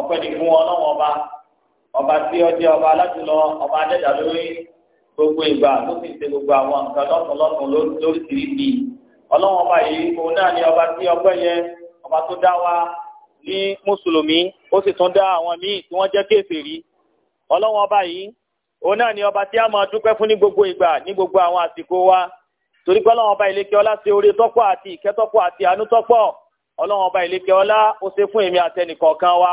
ọpẹ́ ní fún ọlọ́wọ́ ọba ọba tí ọjẹ ọba alájùlọ ọba adẹjà lórí gbogbo ìgbà tó sì ṣe gbogbo àwọn nǹkan lọ́sùn lọ́sùn lóríṣiríṣi ọlọ́wọ́ ọba yìí òun náà ni ọba tí ọpẹ́ yẹ ọba tó dá wa ní mùsùlùmí ó sì tún dá àwọn míì tí wọ́n jẹ́ kèfèrí ọlọ́wọ́ ọba yìí òun náà ni ọba tí a máa dúpẹ́ fún ní gbogbo ìgbà ní gbogbo àwọn àsìkò wa torí pé ọlọ́wọ́n ọba ìlékè ọlá ṣe oore tọ́pọ̀ àti ìkẹ́tọ́pọ̀ àti àánú tọ́pọ̀ ọlọ́wọ́n ọba ìlékè ọlá ó ṣe fún èmi àtẹnìkọ̀ọ̀kan wa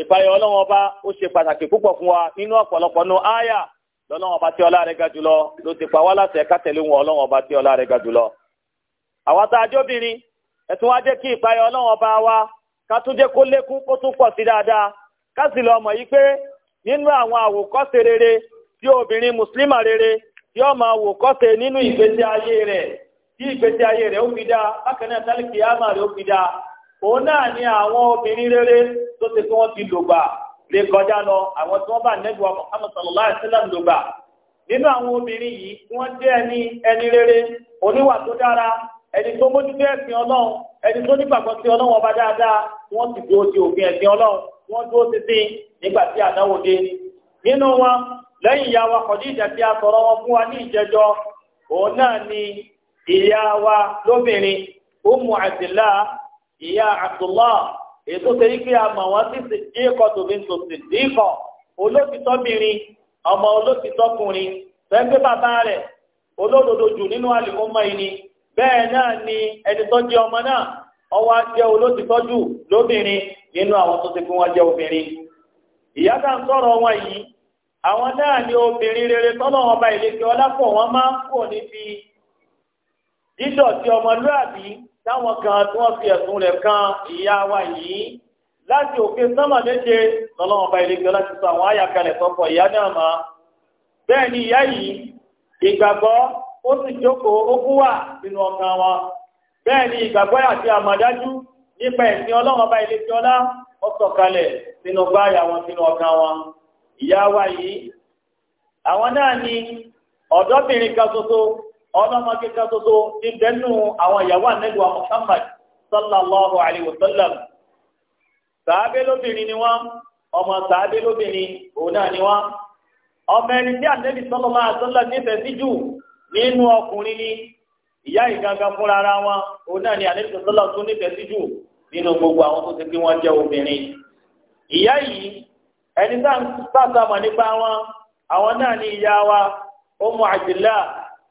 ipaya ọlọ́run ọba ó ṣe pàtàkì púpọ̀ fún wa nínú ọ̀pọ̀lọpọ̀ nù áyà tí ọlá rẹ̀ ga jùlọ ló ti pa wá láti ẹ̀ka tẹ̀lé wọn ọlọ́run tí ọlá rẹ̀ ga jùlọ. àwa tá a wa ká tún jẹ́ kó lékún kó tún pọ̀ sí dáadáa ká sì lọ mọ̀ yí rere tí obìnrin mùsùlùmá rere tí ó máa nínú ìgbésí ayé rẹ̀ tí ìgbésí ayé rẹ̀ ó fi dáa òun náà ni àwọn obìnrin rere tó ṣe pé wọn ti lògbà lè kọjá lọ àwọn tí wọ́n bá nẹ́gbọ̀ Muhammad sallallahu alaihi lògbà nínú àwọn obìnrin yìí ni jẹ́ ẹni ẹni rere oníwà tó dára ẹni tó mójútó ẹ̀sìn ọlọ́run ẹni tó ọba dáadáa wọn ti dúró ti òfin ẹ̀sìn ọlọ́run wọ́n dúró títí nígbà tí àdáwò dé nínú wọn lẹ́yìn ìyá wa tí a sọ̀rọ̀ wọn fún wa ní òun ni ìyá wa lóbìnrin Iya Abdullah ètò tẹ̀lé pé a mọ̀ wọ́n sísè díkọ̀ tó fi ń tò sí díkọ̀ olókìtọ́bìnrin ọmọ olókìtọ́kùnrin fẹ́ńpé bàbá rẹ̀ olódodo jù bẹ́ẹ̀ ni ọmọ ti fún wọn jẹ́ obìnrin ìyá ni obìnrin rere tọ́lọ̀ ọba ìlẹ́kẹ́ ọlápọ̀ wọn máa ń pọ̀ níbi ọmọlúàbí táwọn kan tí wọ́n fi ẹ̀sùn rẹ̀ kan ìyá wa yìí láti òkè sánmà méje lọ́lọ́wọ́n bá ilé gbọ́dọ̀ ti sọ àwọn àyàkalẹ̀ sọ́kọ̀ ìyá náà mọ́ bẹ́ẹ̀ ni ìyá yìí ìgbàgbọ́ ó sì jókòó ó kú wà nínú ọkàn wọn bẹ́ẹ̀ ni ìgbàgbọ́ àti àmọ̀dájú nípa ẹ̀sìn ọlọ́wọ́n bá ilé gbọ́dọ̀ ó sọ̀kalẹ̀ sínú gbáyà wọn sínú ọkàn wọn ìyá wa yìí àwọn náà ni ọ̀dọ́bìnrin kan ṣoṣo ọlọ́mọdé kan ṣoṣo ti bẹ́nu àwọn ìyàwó ànẹ́gbà Muhammad sallallahu alayhi wa sallam sàábé lóbìnrin ni wọ́n ọmọ sàábé lóbìnrin òun náà ni wọ́n ọmọ ẹni tí ànẹ́bí sallallahu alayhi nífẹ̀ẹ́ sí jù nínú ọkùnrin ni ìyá ìgangan fúnra ara wọn òun náà ni tó nífẹ̀ẹ́ sí jù nínú gbogbo àwọn tó ti wọn obìnrin ìyá yìí ẹni a nípa wọn àwọn náà ni ìyá wa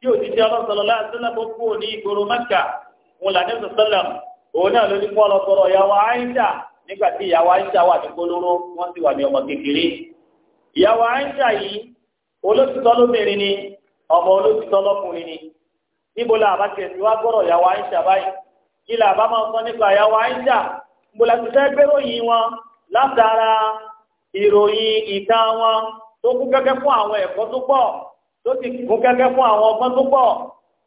tí òjíṣẹ́ ọlọ́sọ̀lọ́ láàzílẹ̀ bó kú ní ìgboro mẹ́kà wọn là ní sọ̀sọ́lẹ̀m òun náà ló ní kó lọ sọ̀rọ̀ ìyàwó àyíṣà nígbà tí ìyàwó àyíṣà wà ní kólóró wọ́n sì wà ní ọmọ kékeré àyíṣà yìí lóbìnrin ọmọ lọ́kùnrin ni níbo la àbá tiẹ̀ wá gbọ́rọ̀ ìyàwó àyíṣà báyìí kí la máa sọ nípa tó ti kún kẹ́kẹ́ fún àwọn ọgbọ́n tó pọ̀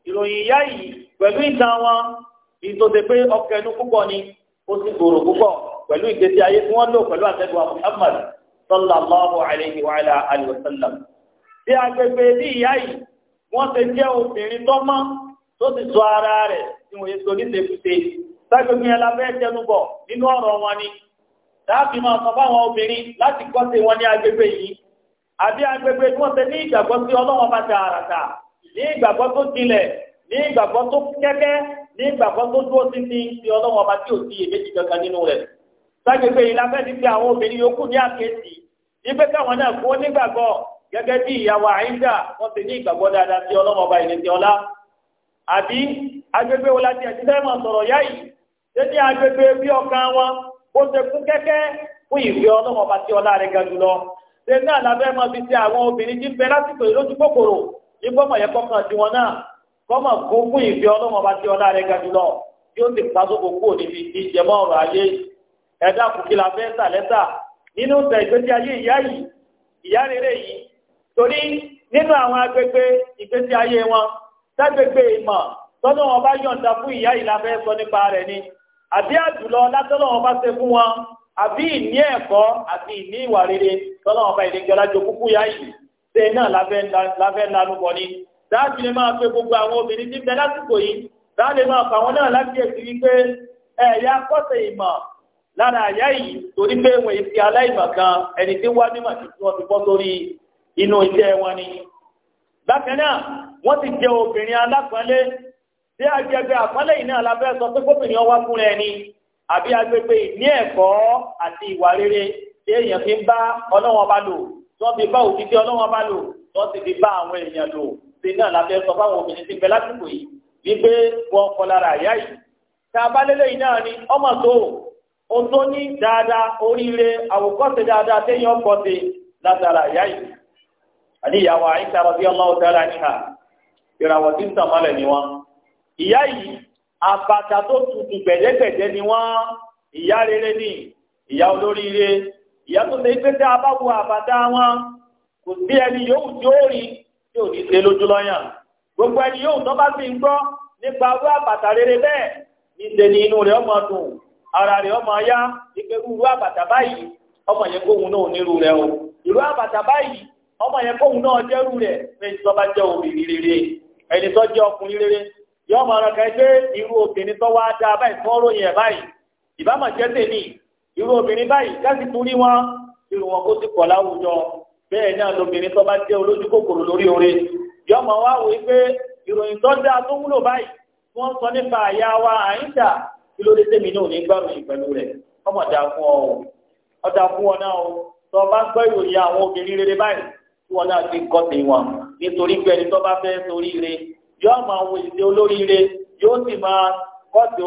ìròyìn ìyá yìí pẹ̀lú ìtàn wọn ìtòsí pé ọkẹnu púpọ̀ ni ó sì gbòòrò púpọ̀ pẹ̀lú ìgbésí ayé tí wọ́n lò pẹ̀lú àtẹ́gbà Muhammad sallallahu alayhi wa alayhi wa sallam. bí agbègbè ní ìyá yìí wọ́n ti jẹ́ obìnrin tó mọ́ tó ti sọ ara rẹ̀ tí wọ́n yẹ sọ ní tẹ̀kùtẹ̀ ságbègbè yẹn la fẹ́ tẹnubọ̀ nínú ọ̀rọ̀ wọn ni láti máa sọ fáwọn obìnrin láti kọ́ sí wọn ní agbègbè yìí àbí agbègbè tí wọ́n ṣe ní ìgbàgbọ́ sí ọlọ́wọ́n bá tààràtà ní ìgbàgbọ́ tó jinlẹ̀ ní ìgbàgbọ́ tó kẹ́kẹ́ ní ìgbàgbọ́ tó dúró títí ọlọ́wọ́n bá tí ò sí èméjì kankan nínú rẹ̀. yìí lábẹ́ ti fi àwọn obìnrin yòókù ní àkéèsì wípé káwọn náà kó nígbàgbọ́ gẹ́gẹ́ bí ìyàwó àyíǹda wọ́n ṣe ní ìgbàgbọ́ dáadáa sí ọlọ́wọ́n bá agbègbè ṣe náà lábẹ́ mọ́ fi ṣe àwọn obìnrin tí ń bẹ lásìkò lójú kòkòrò ní gbọ́mọ̀ yẹ kọ́kàn tí wọn náà kọ́mọ̀ gbógun ìfẹ́ ọlọ́mọ bá ti ọlá rẹ̀ ga jùlọ tí ó sì pa sóko kúrò níbi ìjẹmọ́ ọ̀rọ̀ ayé ẹ̀dá kùkìlà fẹ́ sà lẹ́sà nínú ìtẹ̀ ìgbésí ayé ìyá yìí ìyá rere yìí torí nínú àwọn agbègbè ìgbésí ayé wọn ságbègbè ìmọ̀ tọ́nà wọn bá yọ̀ǹda fún ìyá yìí la fẹ́ sọ nípa rẹ̀ ni àbí àjùlọ látọ́nà wọn bá ṣe fún wọn àbí ìní ẹ̀kọ́ àti ìní ìwà rere tọ́lá ọba ìdíjọ́ lájọ kúkú yá yìí ṣe náà láfẹ́ lanu bọ̀ ni dáàbì lè máa pe gbogbo àwọn obìnrin tí ń bẹ lásìkò yìí dáàbì lè máa fà wọn náà láti ẹ̀sìn wípé ẹ̀yà kọ́sẹ̀ ìmọ̀ lára àyá yìí torí pé wọn ìfi aláìmọ̀ kan ẹni tí wá mímọ̀ tí wọ́n ti bọ́ sórí inú iṣẹ́ wọn ni. bákan náà wọ́n ti jẹ obìnrin alápọ̀nlé tí àjẹgbẹ́ àpọ́nlé yìí náà lábẹ́ sọ pé gómìnà wá àbí agbègbè ìní ẹ̀kọ́ àti ìwà rere tí èèyàn fi ń bá ọlọ́wọ́n bá lò tí wọ́n fi bá òfin tí ọlọ́wọ́n bá lò tí wọ́n sì fi bá àwọn èèyàn lò ṣe náà la fẹ́ sọ fáwọn obìnrin ti bẹ lásìkò yìí wípé wọn kọ lára àyà yìí tá a bá lélẹ̀ yìí náà ni ọmọ tó o tó ní dáadáa oríire àwòkọ́ṣe dáadáa téèyàn kọ́ ṣe látara àyà yìí àní ìyàwó àyíṣà radiyallahu ta'ala anha ìràwọ̀ tí ń tàn mọ́lẹ̀ ni wọn ìyá yìí àbàtà tó tutù gbẹ̀dẹ́gbẹ̀dẹ́ ni wọ́n ìyá rere ni ìyá olóríire ìyá tó ṣe pé tí a àbàtà wọn kò sí ẹni yòówù tí ó rí gbogbo ẹni yòówù tó bá sì ń gbọ́ nípa rere bẹ́ẹ̀ níṣẹ́ ni inú rẹ̀ ara rẹ̀ ọmọ àbàtà báyìí ọmọ yẹn kóhun náà nírú rẹ̀ o irú àbàtà báyìí ọmọ yẹn kóhun náà jẹ́rú rẹ̀ fẹ́ni yọ ọmọ ọ̀rọ̀ kan pé irú obìnrin tó wá dáa báyìí fún ọ̀rọ̀ yẹn báyìí ìbámu jẹ́ tèmi irú obìnrin báyìí káàsì torí wọn irú wọn kó ti pọ̀ láwùjọ bẹ́ẹ̀ náà lobìnrin tó bá jẹ́ olójú kòkòrò lórí oore yọ ọmọ wa wò pé ìròyìn tó dáa tó wúlò báyìí wọ́n sọ nípa àyà wa àyíǹda kí ló dé tèmi náà ní gbàròyìn pẹ̀lú rẹ̀ ọmọ fún ọ ọ fún ọ náà tó bá gbọ́ ìròyìn àwọn obìnrin rere báyìí tí náà ti kọ́ tèmi wọn nítorí pé ẹni tó bá fẹ́ torí rere yóò máa wo ìṣe olóríire yóò sì máa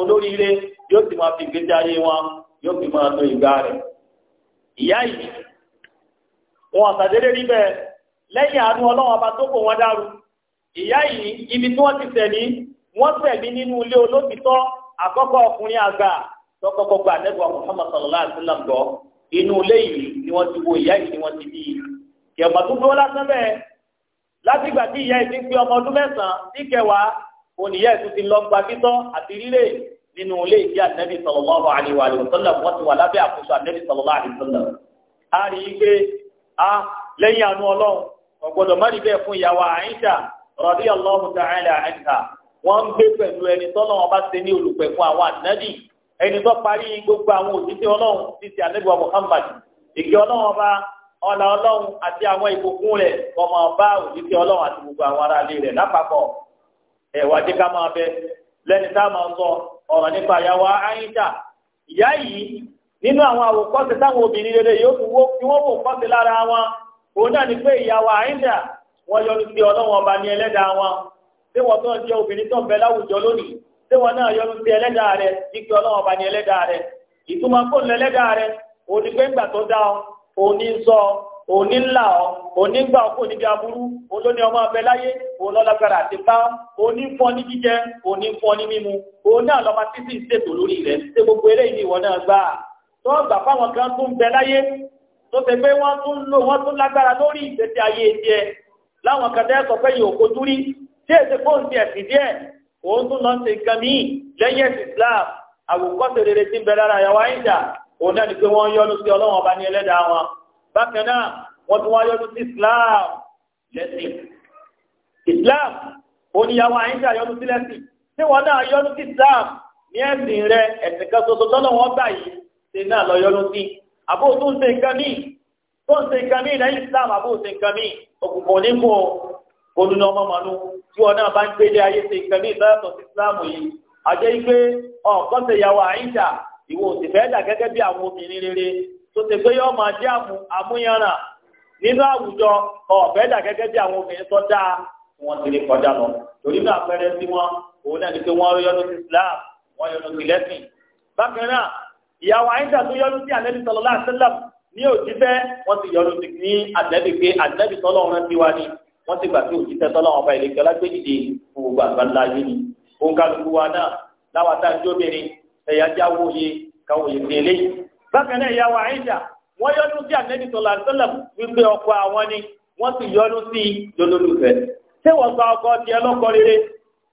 olóríire yóò ti máa fi ìgbésí ayé wọn yóò fi máa lo ìgbà rẹ̀. ìyá yìí wọn àtàdéré rí lẹ́yìn àánú ọlọ́run ọba tó kò wọ́n yìí ibi tí wọ́n ti tẹ̀lé wọ́n tẹ̀lé nínú ilé àkọ́kọ́ ọkùnrin àgbà gba nẹ́gbà Muhammad sallallahu wa sallam gbọ́ inú ilé yìí ni wọ́n ti wo ìyá yìí látìgbà tí ìyá ẹtí ń pé ọmọ ọdún mẹ́sàn-án sí kẹwàá oníyẹ ẹtú ti lọ gba títọ́ àti rírè nínú ilé ìdí ànẹ́bí sallallahu alaihi wa sallam wọ́n ti wà lábẹ́ àkóso ànẹ́bí sallallahu alaihi wa sallam. a rí i pé a lẹ́yìn àánú ọlọ́run ọ̀gbọ́dọ̀ má rí bẹ́ẹ̀ fún ìyàwó Àìṣà radiyallahu ta'ala anha wọ́n ń gbé pẹ̀lú ẹni tọ́lọ́ ọba ọlà ọlọ́run àti àwọn ìbùkún rẹ̀ kọ́ ọba òjíṣẹ́ ọlọ́run àti gbogbo àwọn aráalé rẹ̀ lápapọ̀ ẹ̀wà dé ká máa bẹ lẹ́ni tá a máa ń sọ ọ̀rọ̀ nípa ìyàwó Àìṣà ìyá yìí nínú àwọn àwòkọ́ṣe táwọn obìnrin rere yóò wó kí ọba ní ẹlẹ́dàá wọn tí wọ́n tó ń obìnrin tó ń bẹ láwùjọ lónìí tí wọ́n onísọ onílà ọ onígbà ọkọ níbi aburú olóní ọmọ abẹ láyé olólágbára àti bá onífọ ní jíjẹ onífọ ní mímu oní àlọmọ títí ìṣètò lórí rẹ ṣé gbogbo eléyìí ni ìwọ náà gbà tó gbà fáwọn kan tó ń bẹ láyé tó ṣe pé wọn tún lò wọn tún lágbára lórí ìgbésí ayé tiẹ láwọn kan tẹ́ sọ pé yìí òkú dúrí tí èsì fóun ti ẹ̀sìn díẹ̀ òun tún lọ sí nǹkan míì lẹ́yìn Islam àwòkọ́ṣe rere ti ń bẹ lára àyàwó àyíjà òun náà ni pé wọ́n yọ́nú sí ọlọ́run ọba ní ẹlẹ́dàá wọn bákan náà wọ́n tún wá yọ́nú sí islam lẹ́sìn islam oníyàwó àyíṣà yọ́nú sí lẹ́sìn tí wọ́n náà yọ́nú sí islam ní ẹ̀sìn rẹ ẹ̀sìn kan ṣoṣo tọ́lọ́ wọn yìí ṣe náà lọ yọ́nú sí àbó tó ń ṣe nǹkan míì tó ń ṣe nǹkan míì lẹ́yìn islam àbó ṣe nǹkan míì òkùnkùn onímù onúnà ọmọ mànú tí wọn náà bá ń gbélé ayé ṣe nǹkan míì lọ́yàtọ̀ sí islam yìí àjẹ́ yìí pé ọ̀kọ́ṣe ìyàwó àyíṣà ìwọ ò sì fẹ́ dà gẹ́gẹ́ bí àwọn obìnrin rere tó ti pé yóò máa jẹ́ àmúyanràn nínú àwùjọ ọ̀fẹ́ dà gẹ́gẹ́ bí àwọn obìnrin tó dáa wọn ti lè kọjá lọ torí náà pẹrẹ sí wọn òun náà ni pé wọn yọnu sí Islam wọn yọnu sí lẹ́sìn bákan náà ìyàwó àyíṣà tó yọnu sí àlẹ́bí sọlọ láà sẹlẹm ní òjíṣẹ́ wọn ti yọnu sí ní àlẹ́bí pé àlẹ́bí sọlọ ọ̀rẹ́ tiwa ni wọn ti gbà pé òjíṣẹ́ sọlọ ọba ìlẹ̀kẹ́ ni ẹ̀yà já wòye káwòye tẹ̀lé bákan náà ìyàwó àyíjà wọ́n yọ́nú sí ànẹ́bí sọ̀lá sọ́lá wípé ọkọ àwọn ni wọ́n sì yọ́nú sí lólólùfẹ́ ṣé wọ́n gba ọkọ tiẹ̀ lọ́kọ rere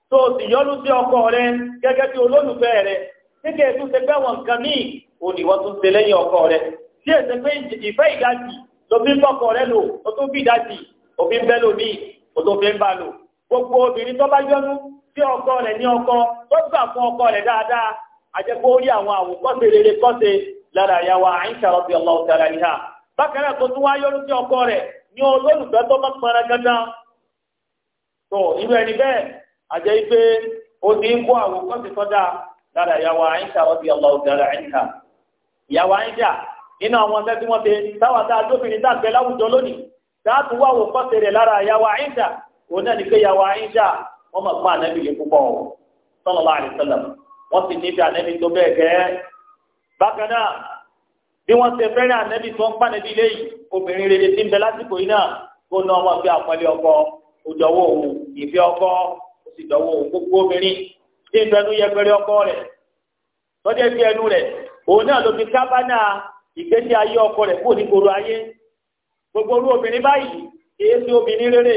tó o sì yọ́nú sí ọkọ rẹ gẹ́gẹ́ bí olólùfẹ́ rẹ kékeré tún ṣe fẹ́ wọn nǹkan míì ò ní wọ́n tún ṣe lẹ́yìn ọkọ rẹ tí èsì pé ìfẹ́ ìdájì lóbi ń bọ́kọ rẹ lò ó tún bí ìdájì òfin bẹ́ lómi ó tún fi ń bá lò gbogbo obìnrin tó bá yọ́nú sí ọkọ rẹ ní ọkọ tó gbà fún ọkọ rẹ dáadáa ajẹ́kọ́ orí àwọn àwòkọ́ṣe rere kọ́ṣe lára àyàwó Àìṣà radiyallahu ta'ala anha bákan tó tún wá yọrù sí ọkọ rẹ̀ ní olólùfẹ́ tó mọ́ pẹ́rẹ́ gángan tó irú ẹni bẹ́ẹ̀ ajẹ́ pé ó ti ń kó àwòkọ́ṣe sọ́dà lára àyàwó Àìṣà radiyallahu ta'ala anha ìyàwó Àìṣà nínú àwọn ọ̀sẹ̀ wọ́n sì nífẹ̀ẹ́ ànẹ́bí tó bẹ́ẹ̀ gẹ́. bákan náà bí wọ́n ṣe fẹ́ràn ànẹ́bí tó ń pànẹ́bí léyìí obìnrin rere ti ń bẹ lásìkò yìí náà kó ná ọmọ bí àpọ́nlé ọkọ òjọ̀wọ́ òun ìfẹ́ ọkọ òsì dọ̀wọ́ òun gbogbo obìnrin tí ń fẹnu yẹpẹrẹ ọkọ rẹ̀ tọ́jú ẹbí ẹnu rẹ̀ òun náà ló fi kábánà ìgbésí ayé ọkọ rẹ̀ kó nígboro ayé gbogbo orú obìnrin báyìí èyí sí obìnrin rere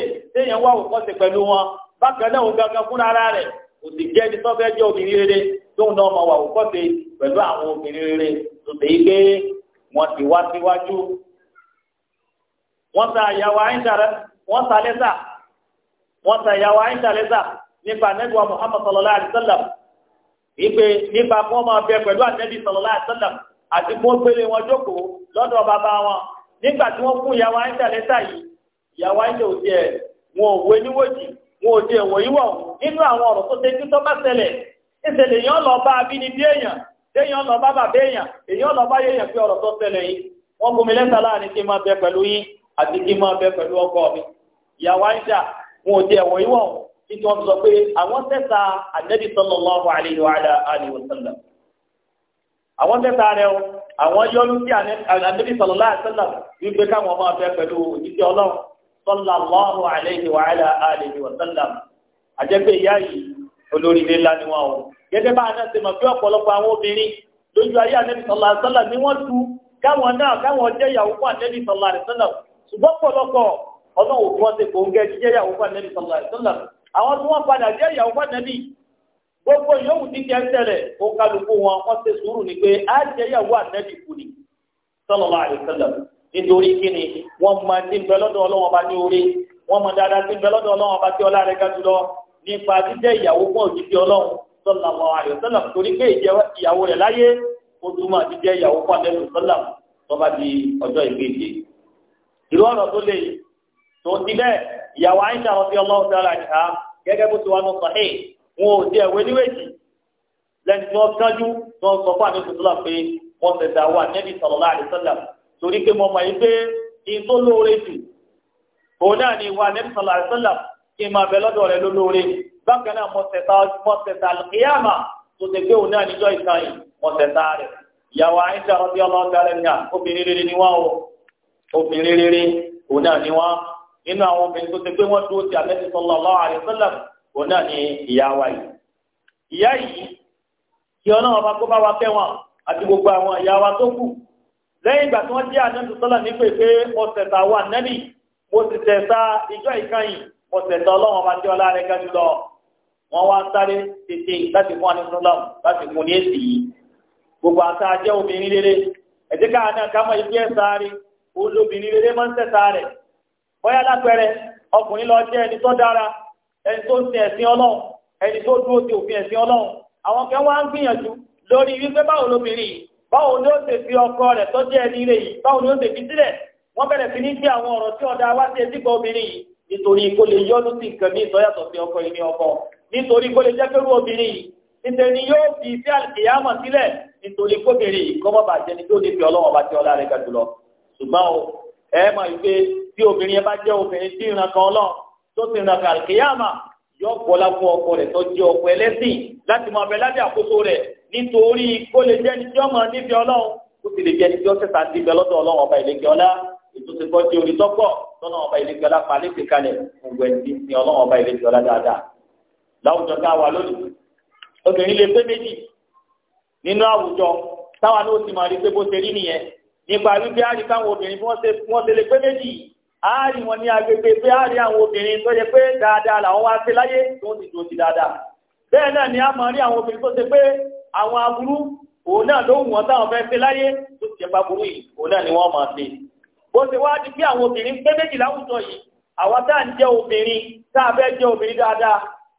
kò sì jẹ́ ibi tó fẹ́ jẹ́ obìnrin rere tóun náà máa wà òkọ́ṣe pẹ̀lú àwọn obìnrin rere tó tẹ̀ gbé wọn ti wá síwájú. wọ́n sa àyàwó àyíntàrẹ́ wọ́n sa lẹ́sà wọ́n sa àyàwó àyíntàrẹ́sà nípa anẹ́gbọ́n Muhammad sallallahu alayhi wa sallam ìpè nípa kí wọ́n máa bẹ pẹ̀lú anẹ́bí sallallahu alayhi wa sallam àti kí wọ́n gbélé wọn jókòó lọ́dọ̀ bàbá wọn nígbà tí wọ́n fún ìyàwó àyíntàrẹ́sà yìí ìyàwó àyíntàrẹ́sà wọn ò wé níwòjì wọn ò di ẹ̀wọ̀ yíwọ̀ nínú àwọn ọ̀rọ̀ tó ṣe tó bá ṣẹlẹ̀ ìṣẹ̀lẹ̀ èèyàn lọ bá abínibí èèyàn téèyàn lọ bá bàbá èèyàn èèyàn lọ bá yéèyàn fi ọ̀rọ̀ tó ṣẹlẹ̀ yìí wọ́n lẹ́sà láàrin n máa bẹ pẹ̀lú yín àti kí n máa bẹ pẹ̀lú ọkọ mi ìyàwó àìsà wọn ò di ẹ̀wọ̀ yíwọ̀ kí wọ́n sọ pé àwọn àwọn sallallahu alayhi wa ala alihi wa sallam àjẹpẹ́ ìyá yìí olórí ilé ńlá ni wọn o gẹ́gẹ́ bá aná ṣe mọ̀ pé ọ̀pọ̀lọpọ̀ àwọn obìnrin lójú ayé ànẹ́bí sallallahu alayhi wa sallam ni wọ́n tu káwọn náà káwọn jẹ́ ìyàwó fún ànẹ́bí sallallahu alayhi wa sallam ṣùgbọ́n pọ̀lọpọ̀ ọlọ́run òfin wọn ti kò ń gẹ́ jíjẹ́ ìyàwó fún ànẹ́bí sallallahu alayhi wa sallam àwọn tí wọ́n padà nítorí kíni wọ́n mọ ní bẹ lọ́dọ̀ Ọlọ́run ọba ní orí wọ́n mọ dáadáa sí bẹ lọ́dọ̀ Ọlọ́run ọba tí ọlá rẹ̀ ga jùlọ nípa jíjẹ́ ìyàwó fún òjijì Ọlọ́run sallallahu alaihi wasallam torí pé ìyàwó rẹ̀ láyé ó túmọ̀ jíjẹ́ ìyàwó fún àdẹ́sùn sọ́lá tó bá di ọjọ́ ìgbéje. ìlú ọ̀rọ̀ tó lè tó ti bẹ́ẹ̀ ìyàwó àyíṣà ọ̀sẹ̀ ọlọ́run sára nìha torí pé mo mọ̀ yí pé in tó lóore jù òun náà ni ìwà nẹ́bí sọ̀lá àṣọ́là kí n máa bẹ lọ́dọ̀ rẹ lólóore bákan náà mo tẹ̀ta mo tẹ̀ta àlùkíyàmà tó ti gbé òun náà níjọ́ ìkan yìí mo tẹ̀ta rẹ̀ ìyàwó àyíṣà rọ́bí ọlọ́ọ̀dà rẹ̀ ní à obìnrin rere ni wọ́n o obìnrin rere òun náà ni wọ́n nínú àwọn obìnrin tó ti gbé wọ́n dúró ti àlẹ́bí sọ̀lá àṣọ́là òun ni ìyàwó yìí ìyá yìí kí ọlọ́run ọba kó bá wa lẹ́yìn ìgbà tí wọ́n jẹ́ àjọ́jú sọ́là ní pé pé ọ̀sẹ̀ta wà nẹ́bì mo sì tẹ̀sà ìjọ ìkànnì ọ̀sẹ̀ta ọlọ́run ọba tí ọlá rẹ̀ ga jùlọ wọ́n wá sáré tètè láti fún àní sọ́lọ́mù láti fún ní èsì yìí gbogbo àti ajẹ́ obìnrin rere ẹ̀jẹ̀ káàdà kámọ́ ibi ẹ̀ sáré olóbìnrin rere máa ń tẹ̀sà rẹ̀ bóyá lápẹẹrẹ ọkùnrin lọ jẹ́ ẹni tó dára ẹni tó sin ẹ̀sìn ọlọ́run ẹni tó dúró ti òfin ẹ̀sìn ọlọ́run àwọn kan wá ń gbìyànjú lórí wípé báwo lóbìnrin yìí báwo ni ó ṣe fi ọkọ rẹ̀ tó jẹ́ ẹni rẹ̀ yìí báwo ni ó ṣe fi sílẹ̀ wọ́n bẹ̀rẹ̀ fi ní sí àwọn ọ̀rọ̀ tí ọ̀dà wá sí etíkọ̀ obìnrin yìí nítorí kó lè yọ́nú sí nǹkan ní ìsọ́yàtọ̀ sí ọkọ ìní ọkọ nítorí kó lè jẹ́ pẹ̀lú obìnrin yìí nítorí ni yóò fi sí àlùkìyàmọ̀ sílẹ̀ nítorí kóbìnrin yìí kọ́mọ́ bàjẹ́ ni tó lè fi ọlọ́wọ́ bá ti ọlá rẹ̀ ga jùlọ o ẹ mọ̀ wípé tí obìnrin yẹn bá jẹ́ yọ bọ́lá fún ọkọ rẹ̀ tó jẹ́ ọkọ ẹlẹ́sìn láti máa bẹ lábẹ́ àkóso rẹ̀ nítorí kó lè jẹ́ níjọ́ mọ̀ níbi ọlọ́run kó sì lè jẹ́ níjọ́ sẹ́ta ti bẹ lọ́dọ̀ ọlọ́run ọba ìlẹ́kẹ́ ọlá ètò ti kọ́ di orí tọ́pọ̀ lọ́nà ọba ìlẹ́kẹ́ ọlá pa lẹ́sìn kalẹ̀ gbogbo ẹ̀sìn sin ọlọ́run ọba ìlẹ́kẹ́ ọlá dáadáa. láwùjọ ká wà lónìí obìnrin lè pé méjì nínú àwùjọ táwa ló ti máa rí pé bó ṣe rí nìyẹn nípa wípé á rí káwọn obìnrin ṣe lè pé méjì ààrí wọn ní agbègbè pé ààrí àwọn obìnrin tó yẹ pé dáadáa làwọn wá sí láyé tó ti tó ti dáadáa bẹ́ẹ̀ náà ni a máa rí àwọn obìnrin tó ṣe pé àwọn aburú òun náà ló wù wọ́n táwọn fẹ́ sí láyé tó ti jẹba burú yìí òun náà ni wọ́n máa ṣe bó ṣe wá di pé àwọn obìnrin pé méjì láwùjọ yìí àwa tá à ń jẹ́ obìnrin tá a fẹ́ jẹ́ obìnrin dáadáa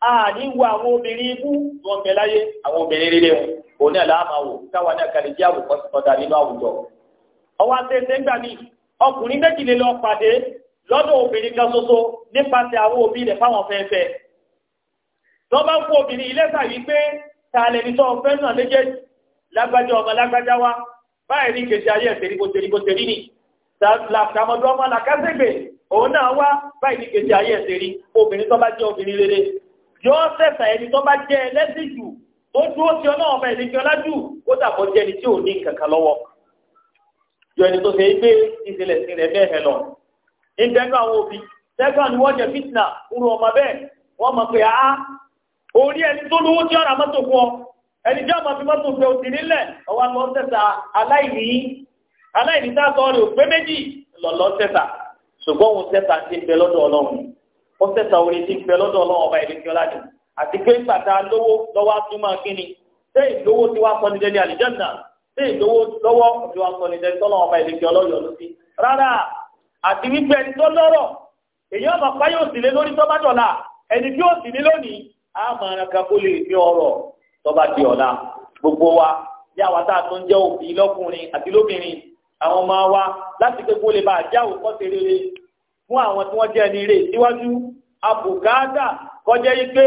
a ní wo àwọn obìnrin ibú tó ń bẹ láyé àwọn obìnrin rere wọn òun náà làá wò káwa náà kàlẹ́ jẹ́ àwòkọ́sí ọkùnrin méjìlélọ́ pàdé lọ́dọ̀ obìnrin kan ṣoṣo nípasẹ̀ àwọn òbí rẹ̀ fáwọn fẹ́ẹ̀fẹ́ lọ́bá fún obìnrin ilẹ́sà yìí pé tààlẹ̀ ní sọ ọ̀fẹ́ náà méjèèjì lágbájá ọmọ lágbájá wá báyìí ní kèsì ayé ẹ̀sẹ̀ ríbo tèríbo tèrí ni làkàmọ́dún ọmọ làkásẹ̀gbẹ̀ òun náà wá báyìí ní kèsì ayé ẹ̀sẹ̀ rí obìnrin tó bá jẹ́ obìnrin rere yóò sẹ̀sà ẹni tó bá jẹ́ ẹlẹ́sìn jù ó dúró sí ọlọ́ọ̀fẹ́ ìrìnkẹ́ ọlájú ó dàbọ̀ jẹ́ ẹni tí ò ní nǹkan kan lọ́wọ́ ju ẹni tó ṣe é gbé ìṣẹ̀lẹ̀ sí rẹ̀ bẹ́ẹ̀ lọ. ìbẹ́nu àwọn òbí sẹ́gbà ni wọ́n jẹ fitna kúrò ọmọ bẹ́ẹ̀ wọ́n mọ̀ pé a orí ẹni tó lówó tí ọ̀rà mọ́tò fún ọ ẹni tí ọmọ fi mọ́tò fẹ́ òsì nílẹ̀ ọwọ́ lọ sẹ́ta aláìní aláìní sáàtọ̀ rẹ̀ òpé méjì lọ́lọ́ sẹ́ta ṣùgbọ́n òun sẹ́ta ti ń bẹ lọ́dọ̀ ọlọ́run ó sẹ́ta orí ti bẹ lọ́dọ̀ ọlọ́run ọba ìlú kíọ́lá ni àti pé pàtà lówó lọ́wọ́ á kíni sẹ́yìn lówó tí wàá pọ́nidẹ́lẹ́ tí ìlówó lọ́wọ́ òfin wa sọ ní dẹ́ni tọ́lọ́ ọmọ ìlẹ́kẹ́ ọlọ́yọ̀ ló sí. rárá àti wípé ẹni tó lọ́rọ̀ èyàn máa pa yóò sì lé lórí tọ́ba dọ̀la ẹni tí yóò sì ní lónìí á máa ra kakó lè ní ọrọ̀ tọ́ba di ọ̀la gbogbo wa yá wa tá a tún jẹ́ òbí lọ́kùnrin àti lóbìnrin àwọn ọmọ wa láti pé kó lè bá àjá òkọ́ ṣe rere fún àwọn tí wọ́n jẹ́ ẹni rè síwájú àbùkátà kọjá yìí pé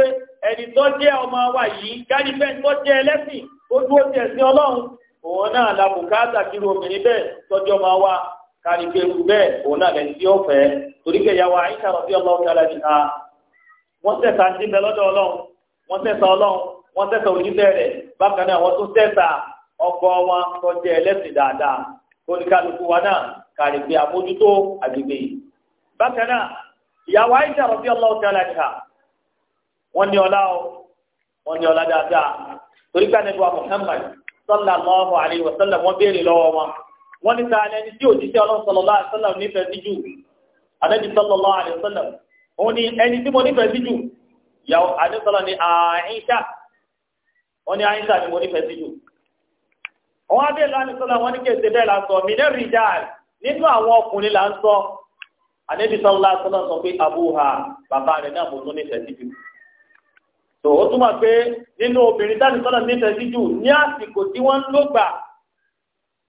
ẹni tó jẹ́ ọmọ wa yìí gárí fẹ́ tó jẹ́ ẹlẹ́sìn ó dúró ti ẹ̀sìn ọlọ́run òun náà la bùkátà kiri obìnrin bẹ́ẹ̀ tọ́jọ́ máa wá kárí kéwù bẹ́ẹ̀ òun náà lẹ́yìn tí ó fẹ́ torí kẹyàwó àyíká rọ̀bí ọlọ́run kálá ní ha wọ́n tẹ̀sà ń dín lọ́dọ̀ ọlọ́run wọ́n tẹ̀sà ọlọ́run wọ́n tẹ̀sà rẹ̀ bákan náà wọ́n tún tẹ̀sà wọn tọ́jú ẹlẹ́sìn dáadáa oníkálukú wa náà kárí pé àmójútó àgbègbè yìí bákan náà ìyàwó sallallahu alaihi wa sallam wọ́n béèrè lọ́wọ́ wọn wọ́n ní ta ẹni tí òjíṣẹ́ ọlọ́run sallallahu alaihi wa sallam nífẹ̀ẹ́ sí jù ànábì sallallahu alaihi wa sallam òun ni ẹni tí mo nífẹ̀ẹ́ sí jù yàwó àdéṣọ́lá ni àìṣà wọ́n ní àìṣà ni mo nífẹ̀ẹ́ sí jù wọ́n á bèèrè lánàá sọ́lá wọ́n ní kéèsè bẹ́ẹ̀ la sọ mìíràn rijal nínú àwọn ọkùnrin là ń sọ ànábì sallallahu alaihi sọ pé àbúhà bàbá rẹ̀ náà mo tún nífẹ̀ẹ́ sí jù tó ó túmọ̀ pé nínú obìnrin dáni sọ́lá nífẹ̀ẹ́ sí jù ní àsìkò tí wọ́n ń lò gbà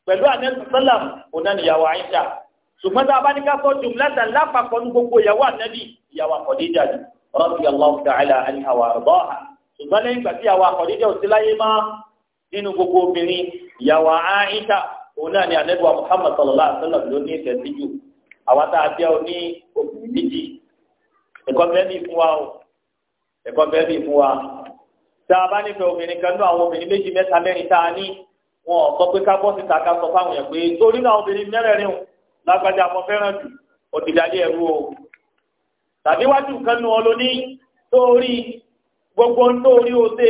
pẹ̀lú ànẹ́sì sọ́lá òun ni ìyàwó àyíṣà ṣùgbọ́n tá a bá ní ká sọ jù lẹ́tà lápapọ̀ ní gbogbo ìyàwó ànẹ́bì ìyàwó àkọ́díjà ni radiyallahu ta'ala Muhammad sallallahu alaihi wasallam ló ní ìfẹ́ sí jù àwọn tá a jẹ́ oní obìnrin ẹ̀kọ́ bẹ́ẹ̀ bí fún wa tá a bá nífẹ̀ẹ́ obìnrin kan ní àwọn obìnrin méjì mẹ́ta mẹ́rin tá a ní wọn ò sọ pé ká bọ́ síta ká sọ fáwọn yẹn pé torí náà obìnrin mẹ́rẹ̀ẹ̀rin o lágbájá mo fẹ́ràn jù òdìdálé ẹ̀rú o tàbí wájú kan nu ọ ló torí gbogbo ń torí o ṣe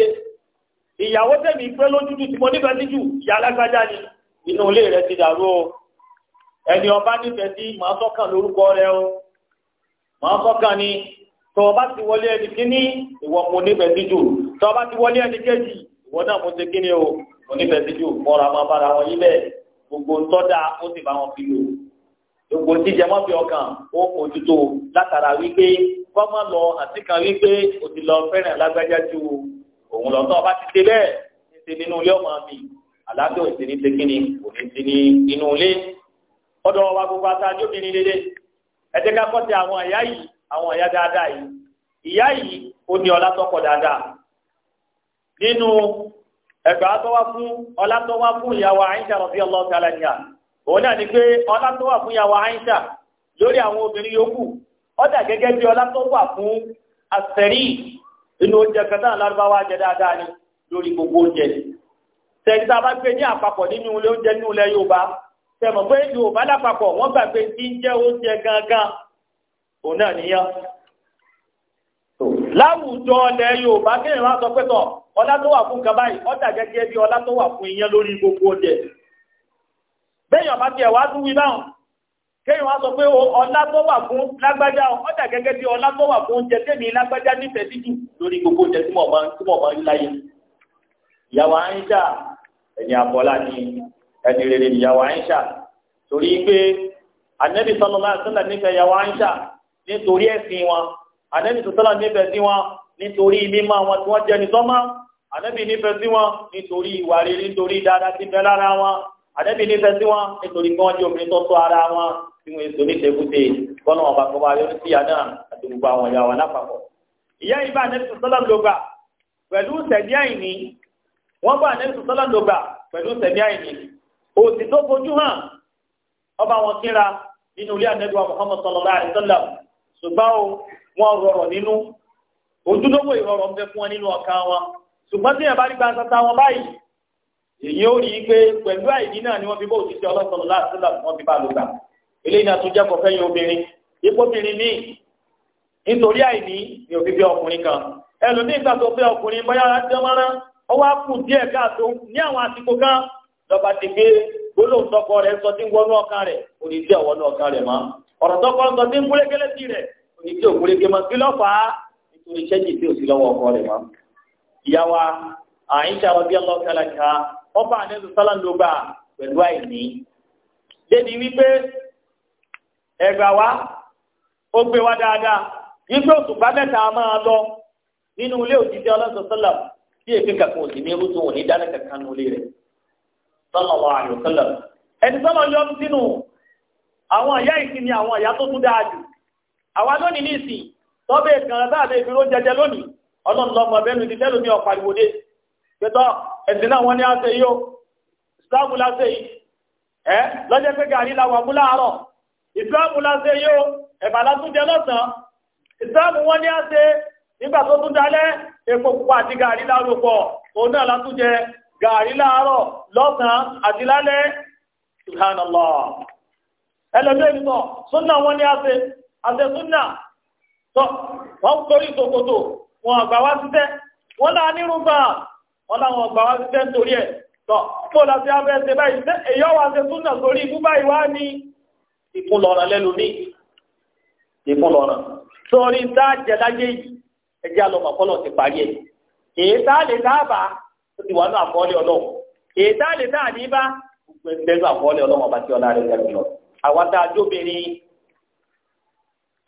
ìyàwó tẹ̀mí pé lójútù tí mo nífẹ̀ẹ́ sí jù ìyá lágbájá ni inú ilé rẹ ti dàrú o ẹni ọba nífẹ̀ẹ́ sí màá sọ́kàn lórúkọ rẹ o màá sọ́kàn ni tọ́ọ̀bá ti wọlé ẹni kíní ìwọ mo nífẹ̀ẹ́ sí jù tọ́ọ̀bá ti wọlé ẹni kejì ìwọ náà mo ti kíní o mo nífẹ̀ẹ́ sí jù mọ́ra máa bára wọn yí bẹ́ẹ̀ gbogbo ńtọ́dà ó sì bá wọn fi lò gbogbo jíjẹ mọ́ fi ọkàn ó mójútó látara wípé fọ́mọ́ lọ àti kan wípé o ti lọ fẹ́ràn lágbájá ju òun lọ tọ́ọ̀bá ti ṣe bẹ́ẹ̀ ní ti nínú ilé ọmọ mi àlàáfíà ò ti kíní kò ní ti ní inú ilé ọ̀dọ̀ wa gbogbo aṣáájú mi ní dédé ká kọ́ ti àwọn ẹ̀yà yìí àwọn ìyá dáadáa yìí ìyá yìí ó ní ọlá tọ́pọ̀ dáadáa nínú ẹgbẹ́ àtọ́wá fún ọlá tó wá fún ìyàwó Àìṣà radiyallahu ta'ala anha òun náà ni pé ọlá fún ìyàwó lórí àwọn obìnrin yòókù ó gẹ́gẹ́ bí fún ni lórí gbogbo oúnjẹ tẹ̀sí tá a bá gbé ní àpapọ̀ nínú oúnjẹ Yorùbá tẹ̀mọ̀ pé òun náà níyàn. láwùjọ ilẹ̀ yorùbá kéèyàn wá sọ pé tọ̀ ọlá tó wà fún nǹkan báyìí ọjà gẹ́gẹ́ bí ọlá tó wà fún iyán lórí gbogbo ọdẹ. béèyàn bá tiẹ̀ wá tún wí báwọn kéèyàn wá sọ pé ọlá tó wà fún lágbájá ọjà gẹ́gẹ́ bí ọlá tó wà fún oúnjẹ tèmi lágbájá nífẹ̀ẹ́ dídù lórí gbogbo oúnjẹ tí mo máa ń láyé. ìyàwó àyíṣà ẹni àbọ̀lá ni ẹni rere ìyàwó àyíṣà torí pé Ànábì sallallahu nítorí ẹ̀sìn wọn ànábì sọ́sọ́lá nífẹ̀ẹ́ sí wọn nítorí mímọ́ wọn tí wọ́n jẹ́ ní sọ́mọ́ ànábì nífẹ̀ẹ́ sí wọn nítorí ìwà rere nítorí dáadáa tí bẹ lára wọn ànábì nífẹ̀ẹ́ sí wọn nítorí pé wọ́n jẹ́ obìnrin tó tọ́ ara wọn tí wọ́n èso ní tẹ́kùtẹ́ kọ́nà ọba kọba yọrí sí àná àti gbogbo àwọn ìyá wọn lápapọ̀. ìyá yìí bá ànábì sọ́sọ́lá ló wa Muhammad sallallahu alaihi wasallam ṣùgbọ́n o wọn rọrọ̀ nínú ojúlówó ìrọ̀rọ̀ ń bẹ fún wọn nínú ọkàn wọn ṣùgbọ́n tí yẹn bá rí gbansata wọn báyìí èyí ó rí i pé pẹ̀lú àìní náà ni wọ́n fi bó òṣìṣẹ́ ọlọ́sọ̀rọ̀ láàṣìlá wọn fi bá lò gbà eléyìí náà tún jẹ́ yín obìnrin ipò obìnrin nítorí àìní ni òfin bí ọkùnrin kan ẹlòmíín gbà tó fẹ́ ọkùnrin bóyá jẹmọ́rán ó wá kù díẹ̀ káàtó ní àwọn àsìkò kan lọ́ba ti gbé gbólóhùn tọkọ rẹ̀ sọ ọ̀rọ̀ tó kọ́ ń sọ sí ń kúrékélé sí rẹ̀ òní tí ò kúréké mọ́ sí lọ́fà á nítorí ṣẹ́jì tí ò sí lọ́wọ́ ọkọ rẹ̀ mọ́. ìyá wa àyíṣà wa bí ọlọ́ọ̀kẹ́ alájà ọba àdéhùn sálàndógbà pẹ̀lú àìní. débi wípé ẹgbà wa ó gbé wa dáadáa wípé òṣùpá mẹ́ta máa lọ nínú ilé òjijì ọlọ́sọ̀sọ́là tí èké kankan ò ní rútu òní dáná kankan nulẹ̀ rẹ̀ sọ́nà wa àwọn ìyá ìsìn ni àwọn ìyá tó tún dáa jù àwa lónìí ní ìsìn tọ́bẹ̀ kan láàbẹ̀ ìfìró jẹjẹ lónìí ọlọ́nlọ́mọ bẹ́nu ti tẹ́lómi ọ̀pàdìwòdé pẹ̀tọ́ ẹ̀sìn náà wọ́n ní àṣẹ yóò ìsìláàmù láṣẹ yìí ẹ lọ́jẹ́ pé gàrí mú láàárọ̀ láṣẹ ẹ̀bà látúnjẹ lọ́sàn wọ́n ní àṣẹ nígbà tó tún dalẹ́ epo pupa àti gàrí òun náà látúnjẹ gàrí láàárọ̀ lọ́sàn àti lálẹ́ subhanallah ẹlẹ́dẹ́ ìtọ̀ súnà wọn ni a ṣe àṣẹ súnà tọ́ wọ́n torí ìṣòkòtò wọn àgbà wá síṣẹ́ wọ́n náà nírúgbà wọ́n láwọn àgbà wá síṣẹ́ torí ẹ̀ tọ́ kó la ṣe abẹ́ ṣe báyìí ṣe èyọ́ wa ṣe súnà torí ikú báyìí wá ní ìfúnlọ́ràn lẹ́nu ní ìfúnlọ́ràn sórí ń tá jẹ láyé yìí ẹjẹ àlọmọ kọlọ ti parí ẹ èyí tá a lè tá ó ti wà ní àkọọ́lẹ̀ Ọlọ́run èyí tá a lè tá bá gbogbo ẹgbẹ̀rún àkọọ́lẹ̀ Ọlọ́run ọba tí ọlá rẹ gbẹ̀rún lọ àwátá ajóbìnrin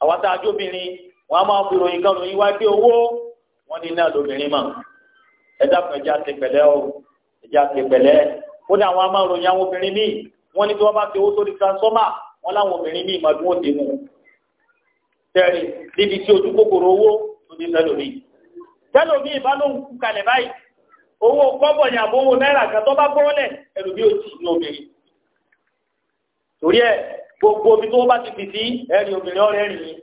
àwátá ajóbìnrin wọn a máa fi ròyìn kan ròyìn wá pé owó wọn ní náà lóbìnrin mọ ẹ̀dá kan ẹjẹ àti pẹ̀lẹ́ o ẹjẹ àti pẹ̀lẹ́ kódà wọn a máa ròyìn àwọn obìnrin míì wọn ní tí wọn bá fi owó sórí transformer wọn láwọn obìnrin míì máa dúró dé mu tẹrí níbi tí ojú kòkòrò owó tó ní sẹlómi sẹlómi ìbálòhùn kalẹ̀ báyìí owó kọ́bọ̀ ni àbówó náírà kan tó bá gbọ́wọ́lẹ̀ torí ẹ gbogbo omi tó bá ti fi sí ẹ̀rí obìnrin ọ̀rẹ́ rìn yín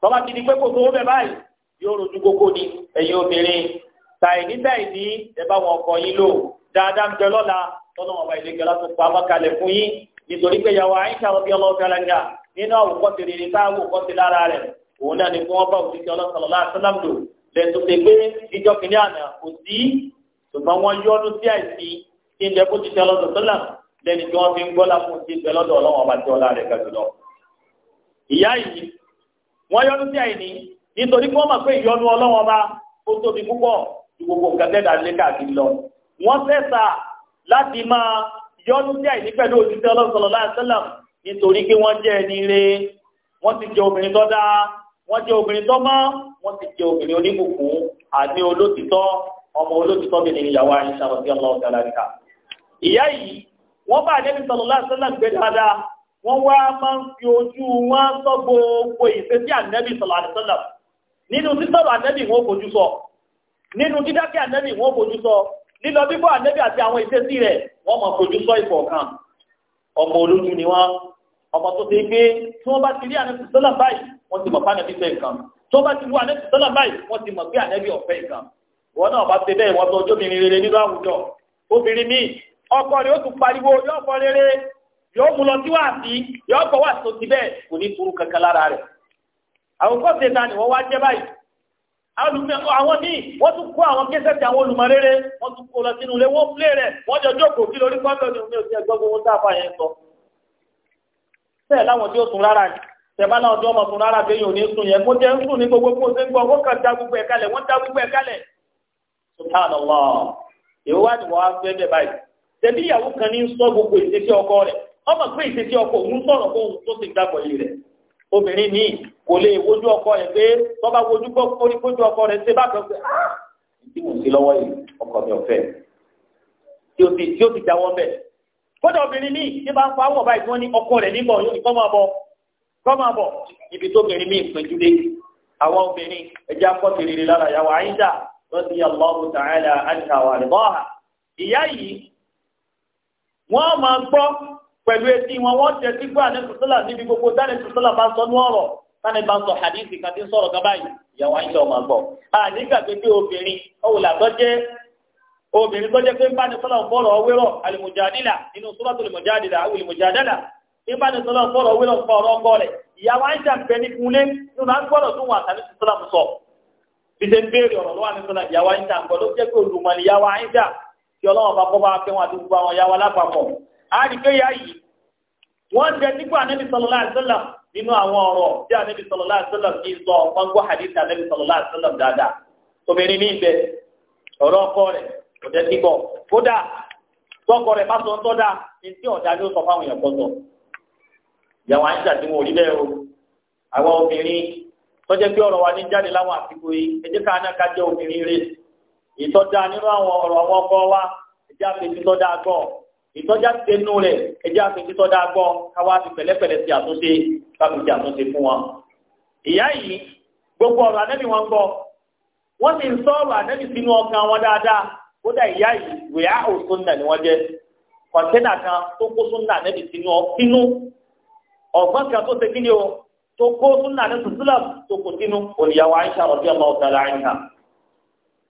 tọ́ba ti di pé kò tó bẹ̀ báyìí yóò rojú kókó ni ẹ̀yin obìnrin tàìní tàìní ẹ bá wọn ọkọ yín lò dáadáa ń bẹ lọ́la tọ́nà ọba ìlẹ́gẹ̀ láti pa mọ́kalẹ̀ fún yín nítorí pé yàwó àyíṣà ọbẹ̀ ọlọ́ọ̀kẹ́ lẹ́yìn nínú àwòkọ́ ti rere tá àwòkọ́ ti lára rẹ̀ òun náà ni fún ọba òṣìṣẹ́ ọlọ́sọ̀rọ̀ láàtúndàm lò lẹ́tọ́ pé pé ìjọ kìnìún àná kò sí ṣùgbọ́n wọ́n yọ́nú sí àìsí kí ń jẹ́ bó ti ṣe ọlọ́sọ̀rọ̀ lẹ́ni tí wọ́n fi ń gbọ́ lápò sí ibẹ̀ lọ́dọ̀ ọlọ́wọ́n ọba tí ọlá rẹ̀ ga jùlọ. ìyá yìí wọ́n yọ́nú sí àìní nítorí kí wọ́n mọ̀ pé ìyọ́nú ọlọ́wọ́n ọba ó tóbi púpọ̀ ju gbogbo nǹkan tẹ́ta lé káàkiri lọ. wọ́n fẹ́sà láti máa yọ́nú sí àìní pẹ̀lú òṣìṣẹ́ ọlọ́run sallallahu alaihi wasallam nítorí pé wọ́n jẹ́ ẹni re wọ́n ti jẹ́ obìnrin tó dáa wọ́n jẹ́ obìnrin tó mọ́ wọ́n ti jẹ́ obìnrin oníbùkún àti olótìtọ́ ọmọ olótìtọ́ bìnrin ìyàwó àyíṣà rọ̀bí ọlọ́ọ̀dá láríkà. ìyá yìí wọ́n bá àdébí sọ̀lọ́lá sọ́lá gbé dáadáa wọ́n wá máa ń fi ojú wọn sọ gbogbo ìṣesí ànẹ́bí sọ̀lọ́ nínú sísọ̀rọ̀ ànẹ́bí wọn fojú sọ nínú dídákẹ́ ànẹ́bí wọn fojú sọ lílọ bíbọ̀ ànẹ́bí àti àwọn ìṣesí rẹ̀ wọ́n mọ̀ fojú sọ ìfọ̀ọ̀kan ọmọ olójú ni wọ́n ọmọ tó ti gbé tí wọ́n bá ti rí ànẹ́bí sọ̀lọ́ báyìí wọ́n ti mọ̀ fún ànẹ́bí fẹ́ nǹkan tí wọ́n bá ti rí ànẹ́bí sọ̀lọ́ báyìí wọ́n ti mọ̀ pé ànẹ́bí ọ̀fẹ́ nǹkan wọ́n náà bá ti bẹ́ẹ̀ wọ́n tó ọjọ́ mi rere nínú àwùjọ obìnrin míì ọkọ otu ó tún pariwo yóò kọ rere yóò mú lọ sí wàásí yóò kọ kò ní turu kankan lára rẹ̀ àwọn ta ni wọ́n wá jẹ́ báyìí àwọn míì wọ́n tún kó àwọn àwọn wọ́n lọ sínú ilé wọ́n rẹ̀ wọ́n jọ jókòó kí lórí ni omi gbogbo tá a fà yẹn sọ. bẹ́ẹ̀ láwọn tí ó sùn rárá ni tẹ̀bá náà tí wọ́n mọ̀ fún gbogbo kó ṣe ń gbọ́ wọ́n kàn dá gbogbo ẹ̀ kalẹ̀ wọ́n dá gbogbo ẹ̀ kalẹ̀. tẹ̀bí ìyàwó kan ní sọ gbogbo ìṣesí ọkọ rẹ̀ ọmọ pé ìṣesí ọkọ òun sọ̀rọ̀ kó òun tó ti gbàgbọ́ yìí rẹ̀ obìnrin míì kò lè wojú ọkọ rẹ̀ pé tọ́ba wojú gbọ́ kórí kójú ọkọ rẹ̀ ṣe bákan pé ah tí mo sí lọ́wọ́ yìí ọkọ mi ò fẹ́ tí ó ti tí ó ti jáwọ́ bẹ̀. kódà obìnrin míì tí bá ń fa àwọn báyìí tí wọ́n ní ọkọ rẹ̀ níbọ̀ yóò ní kọ́ máa bọ̀ kọ́ máa bọ̀ ibi tóbìnrin míì péjú àwọn obìnrin ẹ̀jẹ̀ akọ́kiri lára yàwó àyíjà lọ́sí yàrá lọ́wọ́ tààlà àti àwọn àlùbọ́ọ̀hà wọ́n máa gbọ́ pẹ̀lú etí wọn wọ́n jẹ́ gbígbọ́ àdẹ́sọ̀sọ́là níbi gbogbo dánẹ́sọ̀sọ́là bá sọ ní ọ̀rọ̀ tani bá sọ hadithi kan tí ń sọ̀rọ̀ ìyàwó ayé ọmọ gbọ́. àdìgbà pé obìnrin ọ̀wùlà tó obìnrin pé fọ́rọ̀ wérọ̀ alimujadila nínú sọ́lá kí ọlọ́wọ́n bá kọ́ bá fẹ́ wọn àti gbogbo àwọn ìyá wa lápapọ̀ àríkẹ́yà yìí wọ́n jẹ́ nígbà anábì sallallahu alaihi wasallam nínú àwọn ọ̀rọ̀ tí anábì sallallahu alaihi wasallam ti sọ wọ́n gbọ́ hadith anábì sallallahu alaihi wasallam dáadáa obìnrin ní ibẹ̀ ọ̀rọ̀ ọkọ rẹ̀ kò jẹ́ síbọ̀ kódà tọkọ rẹ̀ bá sọ ń tọ́da ní tí ọ̀dà ló sọ fáwọn èèyàn kọ́ sọ ìyàwó àyíṣà tí wọn ò rí bẹ́ẹ̀ o àwọn obìnrin tọ́jẹ́ pé ọ̀rọ̀ wa ìtọ́já nínú àwọn ọ̀rọ̀ àwọn ọkọ wa ẹjẹ́ àfẹ́tí tọ́já gbọ́ ìtọ́já ti rẹ̀ ẹjá àfẹ́tí tọ́já gbọ́ káwá ti pẹ̀lẹ́pẹ̀lẹ́ ti àtúnṣe káfí àtúnṣe fún wọn. ìyá yìí gbogbo wọn gbọ́ wọ́n ti ń anẹ́bí sínú ọkàn wọn dáadáa ìyá yìí wíyá ni wọ́n jẹ́ kan tó kó anẹ́bí sínú ọ̀gbọ́n kan tó ṣe kí ni o tó kó anẹ́bí sínú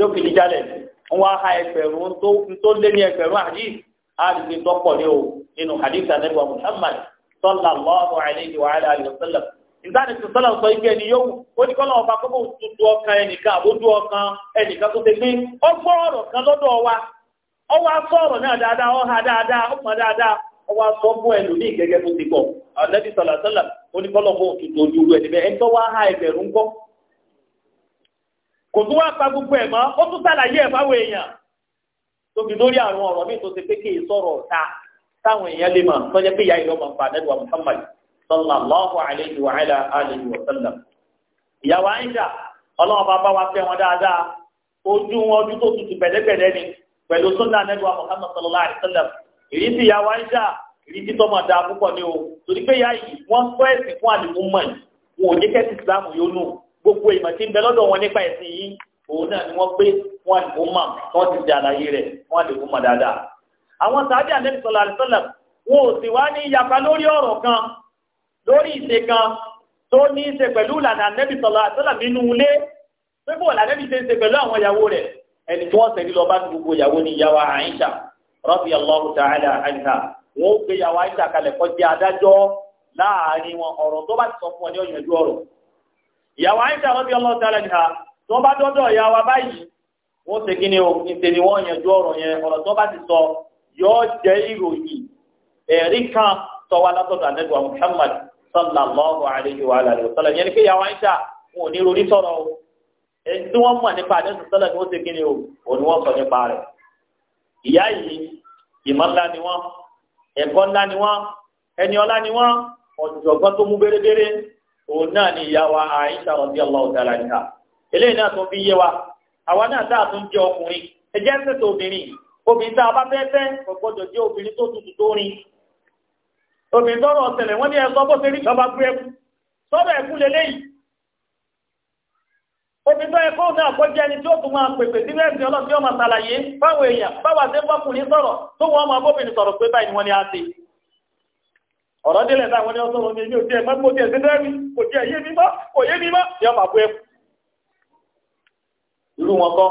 yóò fi jíjálẹ̀ wọn ha ẹgbẹ̀rún tó lé ní ẹgbẹ̀rún hadith àdìsí tó pọ̀ ní o nínú hadith anabiwa muhammad sallallahu alayhi wa wa ìdáni tó sọ́lá sọ ibi ni yóò ó ní kọ́lá ọba kọ́kọ́ tuntun ọkàn ẹnìkan àbójú ọkàn ẹnìkan tó ti gbé ó ọ̀rọ̀ kan lọ́dọ̀ sọ ọ̀rọ̀ náà dáadáa kò tún wá pa gbogbo ẹ̀ mọ́ ó tún sàlàyé ẹ̀ fáwọn èèyàn tó fi lórí àwọn ọ̀rọ̀ míì tó ṣe pé kí sọ̀rọ̀ ta táwọn èèyàn lè mọ̀ sọ́jẹ́ pé ìyá ìlú ọmọ nǹkan àdẹ́dùwà Muhammad sallallahu alayhi wa ala alihi wa sallam. ìyàwó àyíjà ọlọ́run bá bá wa fẹ́ wọn dáadáa ojú wọn ojú tó tutù pẹ̀lẹ́pẹ̀lẹ́ ni pẹ̀lú sunna àdẹ́dùwà Muhammad sallallahu alayhi wa sallam. èyí tí ìyàwó àyíjà èyí tí tọ́mọ̀ dáa púpọ̀ ni o torí pé ìyá yìí wọ́n sọ ẹ̀sìn fún àdìgún mọ̀ wọn ò ní kẹ́sì gbogbo ìmọ̀ tí ń bẹ lọ́dọ̀ wọn nípa ẹ̀sìn yìí òun náà ni wọ́n pé wọ́n lè mọ̀ wọ́n ti di àlàyé rẹ̀ wọ́n lè mọ̀ dáadáa. àwọn sàábì ànábì sọ̀lá àlùsọ̀lá wọn ò sì wá ní ìyapa lórí ọ̀rọ̀ kan lórí ìṣe kan tó ní í ṣe pẹ̀lú ìlànà ànábì sọ̀lá àlùsọ̀lá nínú ilé pé bó lànàbì ṣe ń ṣe pẹ̀lú àwọn ìyàwó rẹ̀ ẹni tí wọ́n sẹ́ni lọ bá gbogbo ìyàwó ní ìyàwó Àìṣà radiyallahu ta'ala anha wọn ó gbé ìyàwó Àìṣà kalẹ̀ kọjá adájọ́ láàárín wọn ọ̀rọ̀ tó bá ti sọ fún wọn ní ọ̀yànjú ọ̀rọ̀ ìyàwó àìsà rọ́bí ọlọ́tàlẹ̀ nìha tí wọ́n bá dọ́dọ̀ ìyàwó báyìí wọ́n ṣe kí ni o ìṣe ni wọ́n yanjú ọ̀rọ̀ yẹn ọ̀rọ̀ tó bá ti sọ yóò jẹ́ ìròyìn ẹ̀rí kan tọ́wá látọ̀dọ̀ àdẹ́gbà Muhammad sallallahu alayhi wa alayhi wa sallam yẹn ni pé ìyàwó àìsà wọn ò ní ronú sọ̀rọ̀ o èyí tí ẹni ọlá ni wọ́n ọ̀jọ̀gbọ́n tó mú bérebére òun náà ni ìyá wa àyíṣà radiyallahu ta'ala anha eléyìí náà tún fi yé wa àwa náà tá a tún jẹ́ ọkùnrin ẹ jẹ́ obi obìnrin obìnrin tá bá fẹ́ fẹ́ jẹ́ obìnrin tó tutù tó rin obìnrin tọrọ ọ̀sẹ̀lẹ̀ wọ́n ní ẹ̀sọ́ ọ̀rọ̀ délẹ̀ táwọn ní ọsọ́rọ̀ ní èmi ò tiẹ̀ mọ́ tiẹ̀ sí dẹ́rì kò tiẹ̀ yé mi mọ́ kò yé mi mọ́ yọ máa bú ẹ. irú wọn kọ́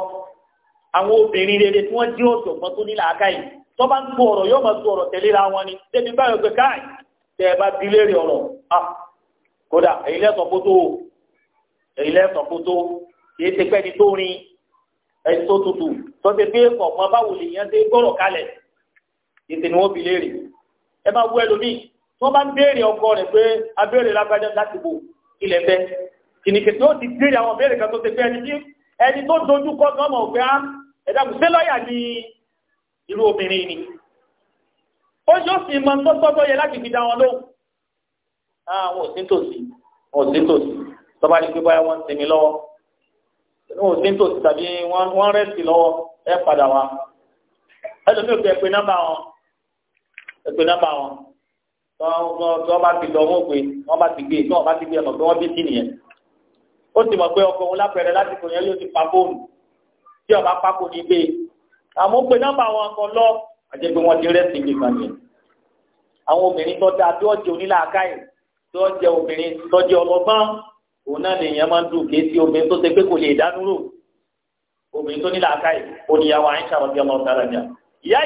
àwọn obìnrin rere tí wọ́n jẹ́ ọ̀jọ̀gbọ́n tó ní làákàyè tó bá ń tu ọ̀rọ̀ yóò máa tu ọ̀rọ̀ tẹ̀léra wọn ni débi báyọ̀ pé káì tẹ́ ẹ bá di léèrè ọ̀rọ̀ ah, kódà èyí lẹ́sọ̀ fótó èyí lẹ́sọ̀ fótó kìí ṣe pẹ́ni tó rin ẹni tó tutù tó ṣe pé kọ̀ọ̀kan báwo lèèyàn ṣe gbọ́rọ̀ kalẹ̀ ètè ni wọ́n fi léèrè ẹ bá wú ẹlòmíì tí wọ́n bá ń béèrè ọkọ rẹ̀ pé abéèrè lágbájá láti bò ilẹ̀ bẹ́ kìnìkì tó ti béèrè àwọn béèrè kan tó ti pé ẹni tí ẹni tó dojú kọ gan mọ̀ pé ẹ̀dá sí lọ́ọ̀yà ní irú obìnrin ni ó yóò sì mọ tọ́tọ́tọ́ yẹ láti fi dá wọn lóhùn àwọn ò sí tòsí wọn ò sí tòsí tọ́ba ní pé báyà wọ́n ń sinmi lọ́wọ́ wọn ò sí tòsí wọn tí wọ́n bá ti lọ wọ́n pé wọ́n bá ti gbé tí wọ́n bá ti gbé ọmọ pé wọ́n bí sí nìyẹn ó ti mọ̀ pé ọkọ̀ òun lápẹ̀rẹ̀ lásìkò yẹn yóò ti pa fóònù tí ọba pákó ní gbé àmọ́ pé nọ́mbà àwọn akọ lọ àjẹ́ pé wọ́n ti rẹ́sì gbé kan yẹn àwọn obìnrin tó dáa tó ọjọ́ onílàákàyè tó ọjọ́ obìnrin tó ọjọ́ ọlọ́gbọ́n òun náà nìyẹn máa ń dùn kí sí obìnrin tó ṣe pé kò lè dánú rò obìnrin tó nílàákàyè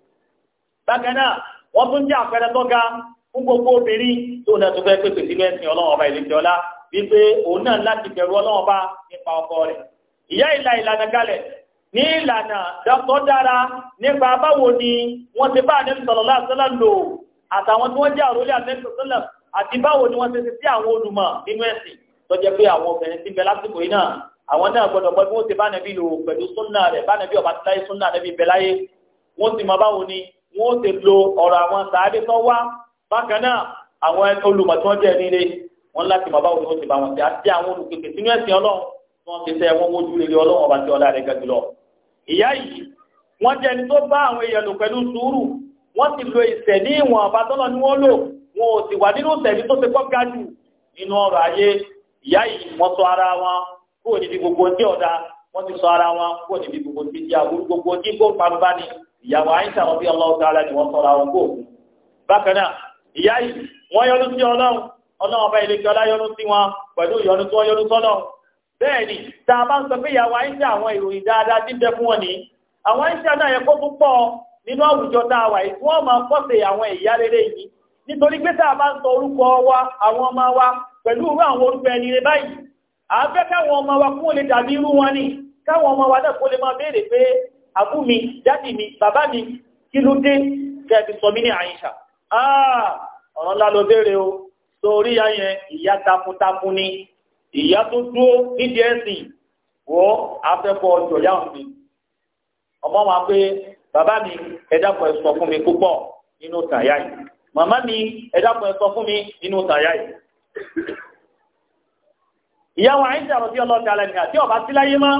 bákan náà wọ́n tún jẹ́ àpẹẹrẹ tó ga fún gbogbo obìnrin tó náà tó fẹ́ pèsè sílẹ̀ ẹ̀sìn ọlọ́run ọba ìlú ìjọlá wípé òun náà láti bẹ̀rù ọlọ́run ọba nípa ọkọ rẹ̀ ìyá ìlà ìlànà kalẹ̀ ní ìlànà tó dára nípa báwo ni wọ́n ti bá àdéhùn sọ̀rọ̀ láàṣẹ́lá lò àtàwọn tí wọ́n jẹ́ àrólé àdéhùn sọ̀rọ̀ àti báwo ni wọ́n ti ṣe sí àwọn olùmọ̀ nínú ẹ̀sìn tó jẹ́ pé àwọn obìnrin ti bẹ lásìkò yìí náà gbọdọ̀ gbọ́ bí wọ́n ti bá nàbí lò pẹ̀lú súnà rẹ̀ bá nàbí ọ̀bá ti láyé súnà nàbí bẹ̀ wọ́n sì mọ báwo ni wọn ó ti lo ọ̀rọ̀ àwọn sàádé tó wá bákan náà àwọn olùmọ̀tún jẹ́ nílé wọn láti mọ̀ báwo ni wọ́n ti bá wọn ṣe àti àwọn olùpèsè sínú ẹ̀sìn ọlọ́run tí wọ́n ti sẹ́ wọn wojú rere ọlọ́run ọba tí ọlá rẹ̀ ga jùlọ. ìyá yìí wọ́n jẹ́ ẹni tó bá àwọn èèyàn lò pẹ̀lú sùúrù wọ́n ti lo ìṣẹ̀ ní ìwọ̀n ọba tọ́lọ̀ ni wọ́n lò wọn ò sì wà nínú ìṣẹ̀lí tó ti kọ́ ga jù nínú ọrọ̀ ayé ìyá yìí wọ́n sọ ara wọn kúrò níbi gbogbo tí ọ̀dà wọ́n ti sọ ara wọn kúrò níbi gbogbo tí ìyá gbogbo tí kò ìyàwó àyíṣà ọbí ọlọ́wọ́ tààlà ni wọ́n sọ̀rọ̀ àwọn gbòògùn bákan náà ìyá yìí wọ́n yọ́nú sí ọlọ́run ọlọ́run ọba ìlẹ́kẹ́ ọlá yọ́nú sí wọn pẹ̀lú ìyọ́nú tí wọ́n yọ́nú sọ́lọ́ bẹ́ẹ̀ ni tá a bá ń sọ pé ìyàwó àyíṣà àwọn ìròyìn dáadáa ti ń bẹ fún wọn ni àwọn àyíṣà náà yẹ kó tún pọ̀ nínú àwùjọ tá a wà yìí wọ́n máa pọ̀sẹ̀ àwọn ìyá rere yìí nítorí pé tá a bá ń sọ orúkọ wa àwọn ọmọ wa pẹ̀lú irú àwọn orúkọ ẹni rẹ báyìí àfẹ́ káwọn ọmọ wa kún lè dàbí irú wọn ni káwọn ọmọ wa náà kó lè máa béèrè pé àbú mi dádì mi bàbá mi kí ló dé kẹ́ẹ̀bí sọ mí ní àyíṣà ah, ọ̀rọ̀ ńlá ló béèrè o sórí ayẹn ìyá takuntakun ni ìyá tó dúró nídìí ẹ̀sìn wọ́ afẹ́fọ́ ọjọ́ mi ọmọ wa pé bàbá mi ẹ dákun ẹ sọ fún mi púpọ̀ nínú tàyà yìí màmá mi ẹ dákun ẹ sọ fún mi nínú tàyà yìí ìyá wa àyíṣà rọ̀ sí ọlọ́ọ̀tà alẹ́ nìyà tí ọba síláyé máa.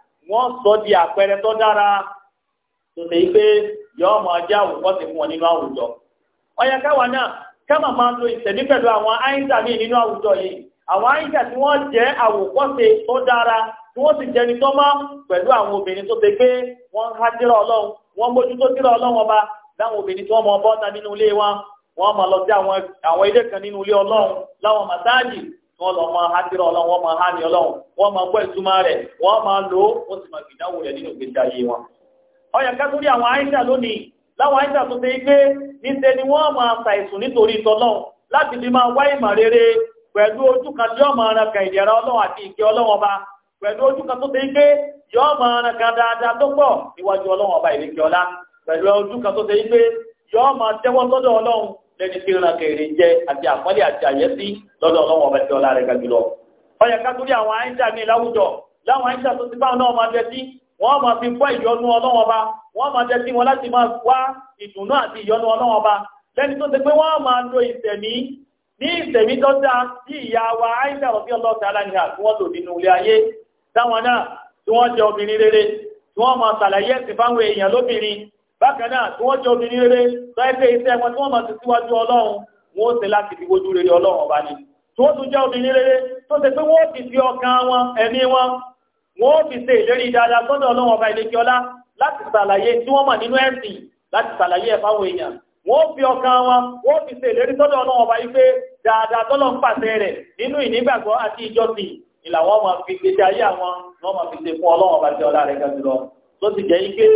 wọ́n sọ di àpẹẹrẹ tó dára tó ṣe pé yọọ mọ ajá òkọ́sí fún ọ nínú àwùjọ ọyà káwa náà káma máa lo ìṣẹ̀mí pẹ̀lú àwọn àyíǹdà míì nínú àwùjọ yìí àwọn àyíǹdà tí wọ́n jẹ́ àwòkọ́ṣe tí wọ́n sì tó mọ́ pẹ̀lú àwọn obìnrin tó wọ́n ọlọ́run wọ́n mójú tó ọlọ́run ọba láwọn obìnrin tí wọ́n mọ bọ́ta nínú ilé wọn wọ́n lọ máa hádìrọ̀ ọlọ́run ha máa hání ọlọ́run wọ́n máa gbọ́ ìtumá rẹ wọ́n máa lò ó wọ́n sì máa gbìdánwò rẹ nínú ìgbésí ayé wọn. ọyàn ká sórí àwọn àìsà lónìí láwọn àìsà tó ṣe é pé níṣẹ́ ni máa nítorí láti wá rere ojú kan tí máa ọba ojú kan tó ṣe é máa dáadáa tó ọba lẹ́ni tí ìran kèrè jẹ́ àti àpọ́lẹ̀ àti àyẹ́sí lọ́dọ̀ ọlọ́wọ́ ọba tí ọlá rẹ̀ ga jùlọ. ọyẹ ká torí àwọn àyíjà mi láwùjọ láwọn àyíjà tó ti bá náà máa jẹ sí wọ́n máa fi fọ́ ìyọnu ọlọ́wọ́ ọba wọ́n máa jẹ sí wọn láti máa wá ìdùnnú àti ìyọnu ọlọ́wọ́ ọba lẹ́ni tó ti pé wọ́n máa lo ìtẹ̀mí ní ìtẹ̀mí tó dá sí ìyá wa àyíjà rọ̀bí ọlọ́ọ̀tà aláníhà tí wọ́n lò nínú ilé ayé táwọn náà tí wọ́n jẹ obìnrin rere tí wọ́n máa ṣàlàyé ẹ̀sìn fáwọn èèyàn lóbìnrin bákan náà tí wọ́n jẹ́ obìnrin rere lọ́ẹ́pẹ́ iṣẹ́ wọn tí wọ́n máa ti síwájú ọlọ́run wọn ó ṣe láti fi wojú rere ọlọ́run ọba ni tí wọ́n tún jẹ́ obìnrin rere tó ṣe pé wọ́n fi fi ọkàn wọn ẹ̀mí wọn wọ́n fi ṣe ìlérí dáadáa sọ́dọ̀ ọlọ́run ọba ìlékiọlá láti ṣàlàyé tí wọ́n mọ̀ nínú ẹ̀sìn láti ṣàlàyé ẹ̀ fáwọn èèyàn wọ́n fi ọkàn wọn wọ́n fi ṣe ìlérí sọ́dọ̀ ọlọ́run ọba yìí pé dáadáa tọ́lọ̀ ń pàṣẹ rẹ̀ nínú ìnígbàgbọ́ àti ìjọsìn ìlàwọ́ máa fi gbèsè ayé àwọn ni wọ́n máa fi ṣe fún ọlọ́run ọba tí ọlá rẹ̀ ga jùlọ tó ti jẹ́ ike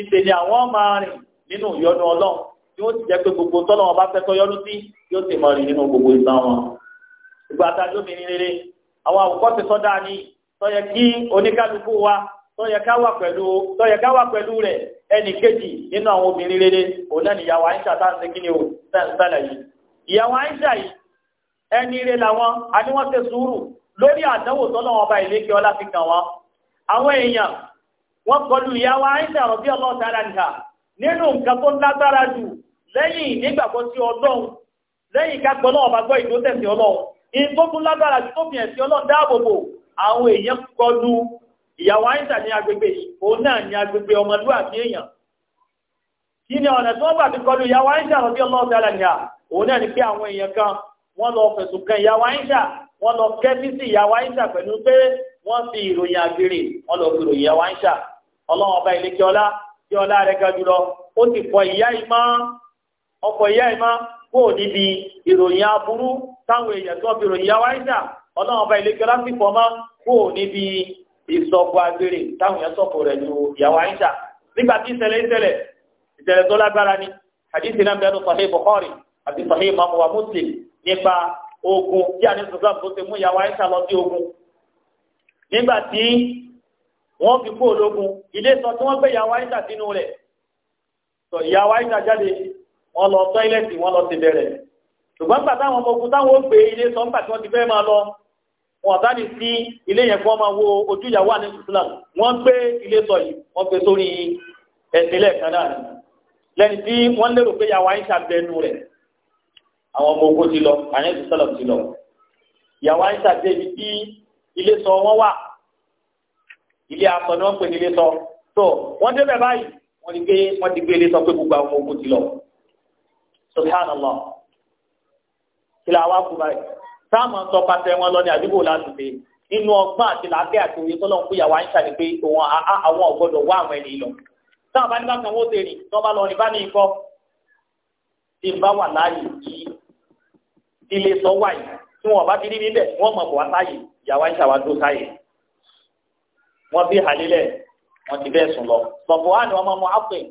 ìṣe ni àwọn máa rìn nínú ìyọnu ọlọ́run tí ó ti jẹ́ pé gbogbo tọ́lọ́ ọba bá yọnu sí yóò sì mọ̀ nínú gbogbo ìtàn wọn. ìgbà tá a rere àwọn àwòkọ́ ti sọ́dá ni tọ́yẹ kí oníkálukú wa tọ́yẹ ká wà pẹ̀lú rẹ̀ ẹnì kejì nínú àwọn obìnrin rere òun náà nìyàwó o yìí. ìyàwó àyíṣà yìí ẹni làwọn àníwọ̀n sùúrù lórí àdánwò ọba ìlékè ọlá fi kàn àwọn wọ́n kọlu ìyàwó àìsà rọ̀bí ọlọ́run tààrà nìkà nínú nǹkan tó lágbára jù lẹ́yìn nígbàgbọ́ sí ọlọ́run lẹ́yìn kágbọ́ náà bá gbọ́ ìdó tẹ̀sí ọlọ́run in tó tún lágbára jù tó fi ẹ̀sí ọlọ́run dáàbòbò àwọn èèyàn kọlu ìyàwó àìsà ní agbègbè òun òun náà ni pé àwọn èèyàn kan wọ́n lọ fẹ̀sùn kan ìyàwó àìsà wọ́n lọ kẹ́fí sí ìyàwó àìsà pẹ̀lú pé wọ́n fi ìròyìn àgbèrè wọ́n lọ fi ìròyìn ìyàwó àìsà ọlọ́run ọba ìlékè ọlá tí ọlá rẹ̀ ga jùlọ ó ti fọ ìyá ìmọ̀ ọkọ̀ ìyá ìmọ̀ kó o níbi ìròyìn aburú táwọn èèyàn tó fi ròyìn àwáìsà ọlọ́run ọba ìlékè ọlá ti fọmọ́ kó o níbi ìsọ̀kọ̀ agbèrè táwọn èèyàn sọ̀kọ̀ rẹ̀ ju ìyàwó àìsà nígbà tí ìṣẹ̀lẹ̀ ìṣẹ̀lẹ̀ ìṣẹ̀lẹ̀ tó lágbára ni àdìsí náà bẹ̀rù Sahih Bukhari àti Sahih Imam wa Muslim nípa ogun tí a ní sọ̀tọ̀ tó ti mú ìyàwó àìsà lọ sí ogun nígbà tí wọ́n fi kó ológun ilé sọ tí wọ́n gbé ìyàwó àyíṣà sínú rẹ̀ sọ ìyàwó àyíṣà jáde wọ́n lọ tọ́ílẹ̀tì wọ́n lọ ti bẹ̀rẹ̀ ṣùgbọ́n gbà táwọn ọmọ ogun táwọn ó gbé ilé sọ nígbà tí wọ́n ti fẹ́ máa lọ wọn ọ̀tá ní sí ilé yẹn fún ọmọ wo ojú ìyàwó àní Islam wọ́n gbé ilé sọ yìí wọ́n gbé sórí ẹ̀sìn lẹ́ẹ̀kan náà lẹ́ni tí wọ́n lérò pé ìyàwó àyíṣà bẹnu rẹ̀ àwọn ọmọ ogun ti lọ àní ilé asọ ni wọ́n pè ní ilé sọ tó wọ́n débẹ̀ báyìí wọ́n ti gbé wọ́n ti gbé ilé sọ pé gbogbo àwọn ọmọ ogun ti lọ subhanallah kìlà wa kú báyìí táàmù sọ pàṣẹ wọn lọ ní àdúgbò láti pé nínú ọgbọ́n àti làákẹ́ àti òye tọ́lọ́ ń pè yàwó àyíṣà ni pé òun àwọn ọ̀gbọ́dọ̀ wá àwọn ẹni lọ táàmù bá bákan wọ́n ṣe rìn tí wọ́n bá lọ rìn bá ní ikọ́ tí n bá wà láàyè kí ilé sọ wáyé tí wọn bá ti rí níbẹ̀ wọ́n mọ̀ bọ̀ wá sáyè yàwó àyíṣà wa sáyè wọ́n bí halilẹ̀ wọ́n ti bẹ́ẹ̀ sùn lọ. Sọ̀fọ̀wánì ọmọ ọmọ Afrin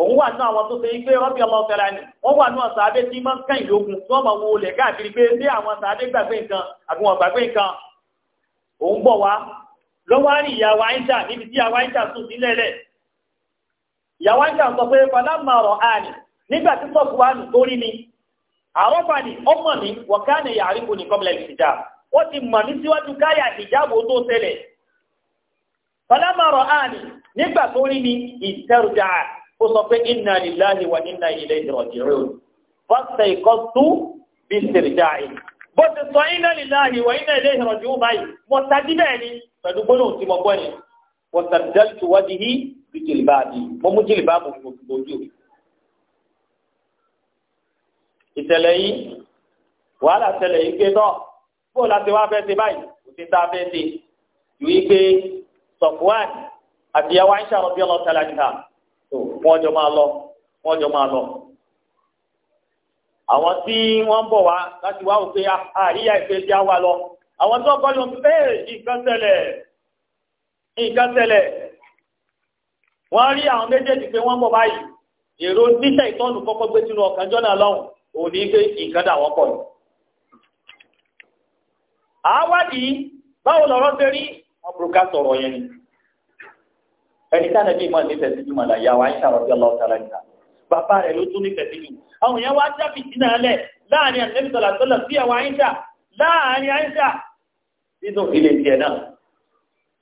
òun wà nínú àwọn tó ṣe yí pé rọ́bì ọmọ ọ̀tẹ̀lá ni wọ́n wà nínú ọ̀sàdé tí máa ń kàn ìlógun tí wọ́n máa wo olè káàkiri pé ṣé àwọn ọ̀sàdé gbàgbé nǹkan àbí wọn gbàgbé nǹkan òun bọ̀ wá lọ́wọ́ á rí ìyàwó àyíṣà níbi tí ìyàwó àyíṣà sùn sílẹ̀ rẹ̀ ìyàwó àyíṣà sọ pé fọlámà ọ̀rọ̀ àní nígbà tí sọ́ọ̀kù wa nù tó rí mi àrọ́fà ni ọmọ mi wọ̀ká ni yàrá ìkùnì kọ́mìlẹ̀ ìṣìjà ó ti mọ̀ ní síwájú káyà ìjábò tó tẹ̀lẹ̀ fọlámọ̀rọ̀ àní nígbà tó rí ni ìtẹ́rùjà ó sọ pé inna lillahi wa inna ilayhi raji'un fọ́sẹ̀ ìkọ́tú bí tẹ̀rùjà yìí bó ti sọ inna lillahi wa inna ilayhi raji'un báyìí mo tají bẹ́ẹ̀ ni pẹ̀lú gbólóhùn tí mo gbọ́ ni mo tàbí tu wajhi bí jìlìbáàbì mo mú jìlìbáàbù mo fi bojú ìtẹ̀lẹ̀ yìí wàhálà tẹ̀lẹ̀ yìí gbé tọ́ bó o wá fẹ́ Sọfwan àti ìyàwó Aisha radiyallahu ta'ala anha tó wọ́n ọjọ máa lọ wọ́n ọjọ máa lọ. àwọn tí wọ́n ń bọ̀ wá láti wá òpè àríyá ah, ìpè tí a lọ àwọn tó kọ́ ló ń bẹ́ẹ̀ eh, nǹkan nǹkan wọ́n rí àwọn méjèèjì pé wọ́n báyìí èrò ìtọ́nù kọ́kọ́ gbé sínú jọ́nà wọ́n burúkú sọ̀rọ̀ yẹn ni ẹni tí anabi mọ̀ nífẹ̀ẹ́ sí jùmọ̀ là yàwó àyíṣà rọ̀bí ọlọ́ọ̀tà lẹ́yìn bàbá rẹ̀ ló tún nífẹ̀ẹ́ sí jù àwọn yẹn wá jábì sínú alẹ́ láàrin àtẹ́bí sọ̀lá sọ́lá sí àwọn àyíṣà láàrin àyíṣà nínú ilé tiẹ̀ náà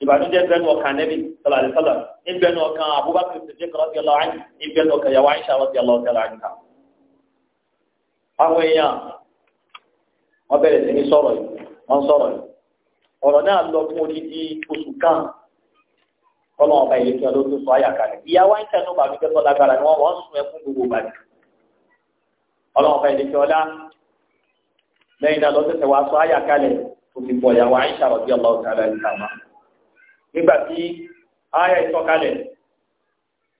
ìbànújẹ́ bẹnu ọkàn nẹ́bí sọ̀lá sọ́lá níbẹnu ọkàn Abubakar sèdè kọ́lọ́sì ọlọ́ọ̀hán níbẹnu ọkàn yàwó àyíṣà àwọn èèyàn wọ́n bẹ̀rẹ̀ ọ̀rọ̀ náà lọ fún odidi oṣù kan kọ́lọ́ ọba ìlẹ́kẹ́ ọlọ́dún sọ àyàkálẹ̀ ìyá wa ń tẹnu bàbí tẹ́tọ́ lágbára ni wọ́n wọ́n sun ẹkún gbogbo bàbí ọlọ́run ọba ìlẹ́kẹ́ ọlá lẹ́yìn náà lọ́sẹ̀sẹ̀ wa sọ àyàkálẹ̀ tó fi bọ̀ ìyá wa ń ṣàròbí ọlọ́run kálẹ̀ ìtàmá nígbà tí ayé ìtọ́kalẹ̀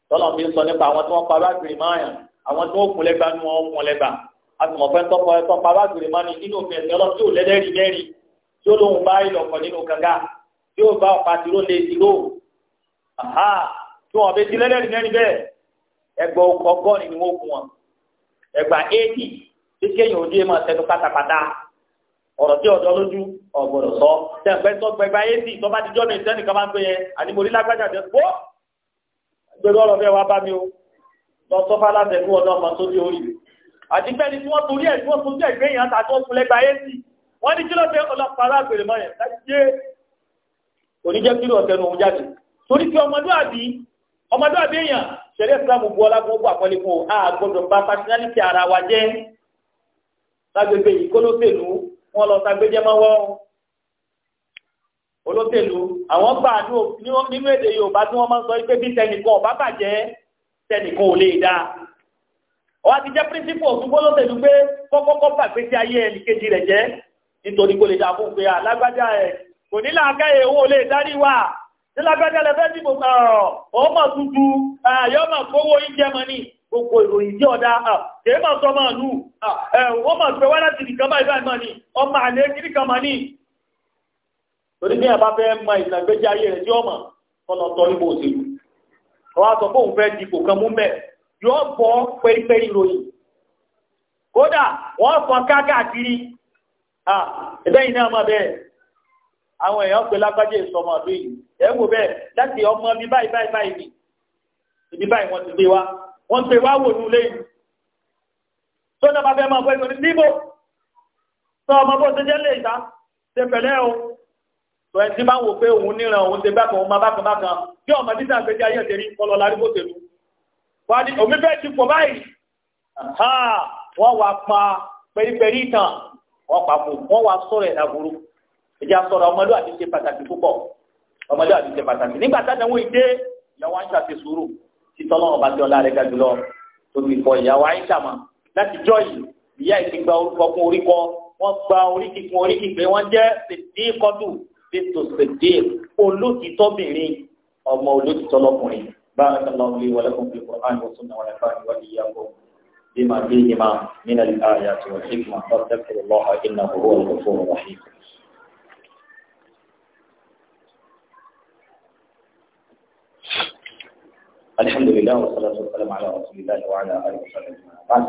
tọ́lọ̀ fi sọ nípa àwọn tí wọ́n pa lágbèrè máyà àwọn tí ni wọ́n kún tí ó lóun bá ilẹ̀ ọkọ̀ nínú kànga tí ó bá ọ̀pá tìró lé tìró tí wọn bẹ ti lẹ́lẹ́rìí mẹ́rin bẹ́ẹ̀ ẹgbà ọgọ́rin ni wọ́n kún wọn ẹgbà éèdì tí kéèyàn ojú ẹ̀ máa tẹnu pátápátá ọ̀rọ̀ tí ọ̀dọ́ lójú ọ̀gbọ̀dọ̀ sọ tẹ̀gbẹ́ sọ gbẹgbà éèdì tó bá ti jọ́ mi sẹ́nìkan máa ń pè yẹn ànímọ̀rí lágbájá jẹ́ pọ́ gbẹ̀rù ọ̀rọ̀ bẹ́ẹ̀ wá bá mi o lọ sọ́fà látẹ̀kú ọ̀dọ́ ọmọ sórí orí àti bẹ́ẹ̀ ni wọ́n torí ẹ̀ tí wọ́n torí ẹ̀ gbẹ̀yìn àtàkùn ọ̀kùnlẹ́gbà éèdì wọ́n ní kí ló fẹ́ ọlọ́pàá alágbèrè mọ́ yẹn láyé oníjẹ́ kí ló ọ̀tẹnu òun jáde torí pé ọmọdúàbí ọmọdúàbí èèyàn ṣẹlẹ̀ ìsìlámù bu ọlágun ogun àpọ́nlé fún o a gbọ́dọ̀ bá pásítánìtì ara wa jẹ́ lágbègbè ìkólóṣèlú wọn lọ sagbẹjẹ mọwọ olóṣèlú àwọn gbà nínú èdè Yorùbá tí wọ́n máa ń sọ pé bí tẹnìkan ọba bàjẹ́ tẹnìkan ò lè dáa ọwọ́ ti jẹ́ píríncípù òtún gbólóṣèlú pé kọ́kọ́kọ́ bàgbé sí ayé ẹnìkejì rẹ̀ jẹ́ nítorí kò lè dà fún pé alágbájá ẹ̀ kò ní làákàyè owó lè dárí wà ní lágbájá lè fẹ́ dìbò ọmọ tuntun yọmọ kówó oúnjẹ mọ ní gbogbo ìròyìn tí ọ̀dá kèé máa sọ máa lù wọ́n máa pẹ̀ wá láti nìkan báyìí báyìí máa ní ọmọ àlè kiri kan máa ní torí ní àbá fẹ́ mọ ìtàgbéjì ayé ẹ̀bẹ́yìn náà mọ̀ bẹ́ẹ̀ àwọn èèyàn pè lágbájé ìsọmọ ọdún yìí ẹ̀ wò bẹ́ẹ̀ láti ọmọ bí báyìí báyìí báyìí ni ibi báyìí wọ́n ti gbé wa wọ́n ti wá wò nulẹ̀ yìí tó náà máa fẹ́ máa fẹ́ sọ́ni níbo tó ọmọ bó ṣe jẹ́ lè ta ṣe pẹ̀lẹ́ o tó ẹ̀ tí máa wò pé òun níran òun ṣe bákan òun máa bákan bákan bí ọmọ dídá àgbẹ̀jẹ̀ ayé ẹ̀ṣẹ̀ rí kọlọ lárí bó ṣe lu wà ní òmífẹ́ ti pọ̀ báyìí wọ́n wà pa pẹ̀lú pẹ̀lú ìtàn wọ́n pa kú wọ́n wá sọ̀rọ̀ ẹ̀ dàgbòrò ìjà sọ̀rọ̀ ọmọdé àti ṣe pàtàkì púpọ̀ ọmọdé àti ṣe pàtàkì nígbà táwọn ìdè ìyàwó àyíṣà ti sùúrù títọ́ lọ́wọ́ bá ti ọlá rẹ̀ ga jùlọ tóbi kọ ìyàwó àyíṣà mà láti jọ yìí ìyá ìfi gba orúkọ kún orí kọ wọ́n gba orí kíkún orí kíkpé wọ́n jẹ́ sèdíkọ́dù fètò sèdí olótìtọ́bìnrin ọmọ olótìtọ́ lọ́kùnrin báyọ̀ ní بما فيهما من الآيات والحكمة فاذكروا الله إنه هو الغفور الرحيم الحمد لله والصلاة والسلام على رسول الله وعلى آله وصحبه أجمعين.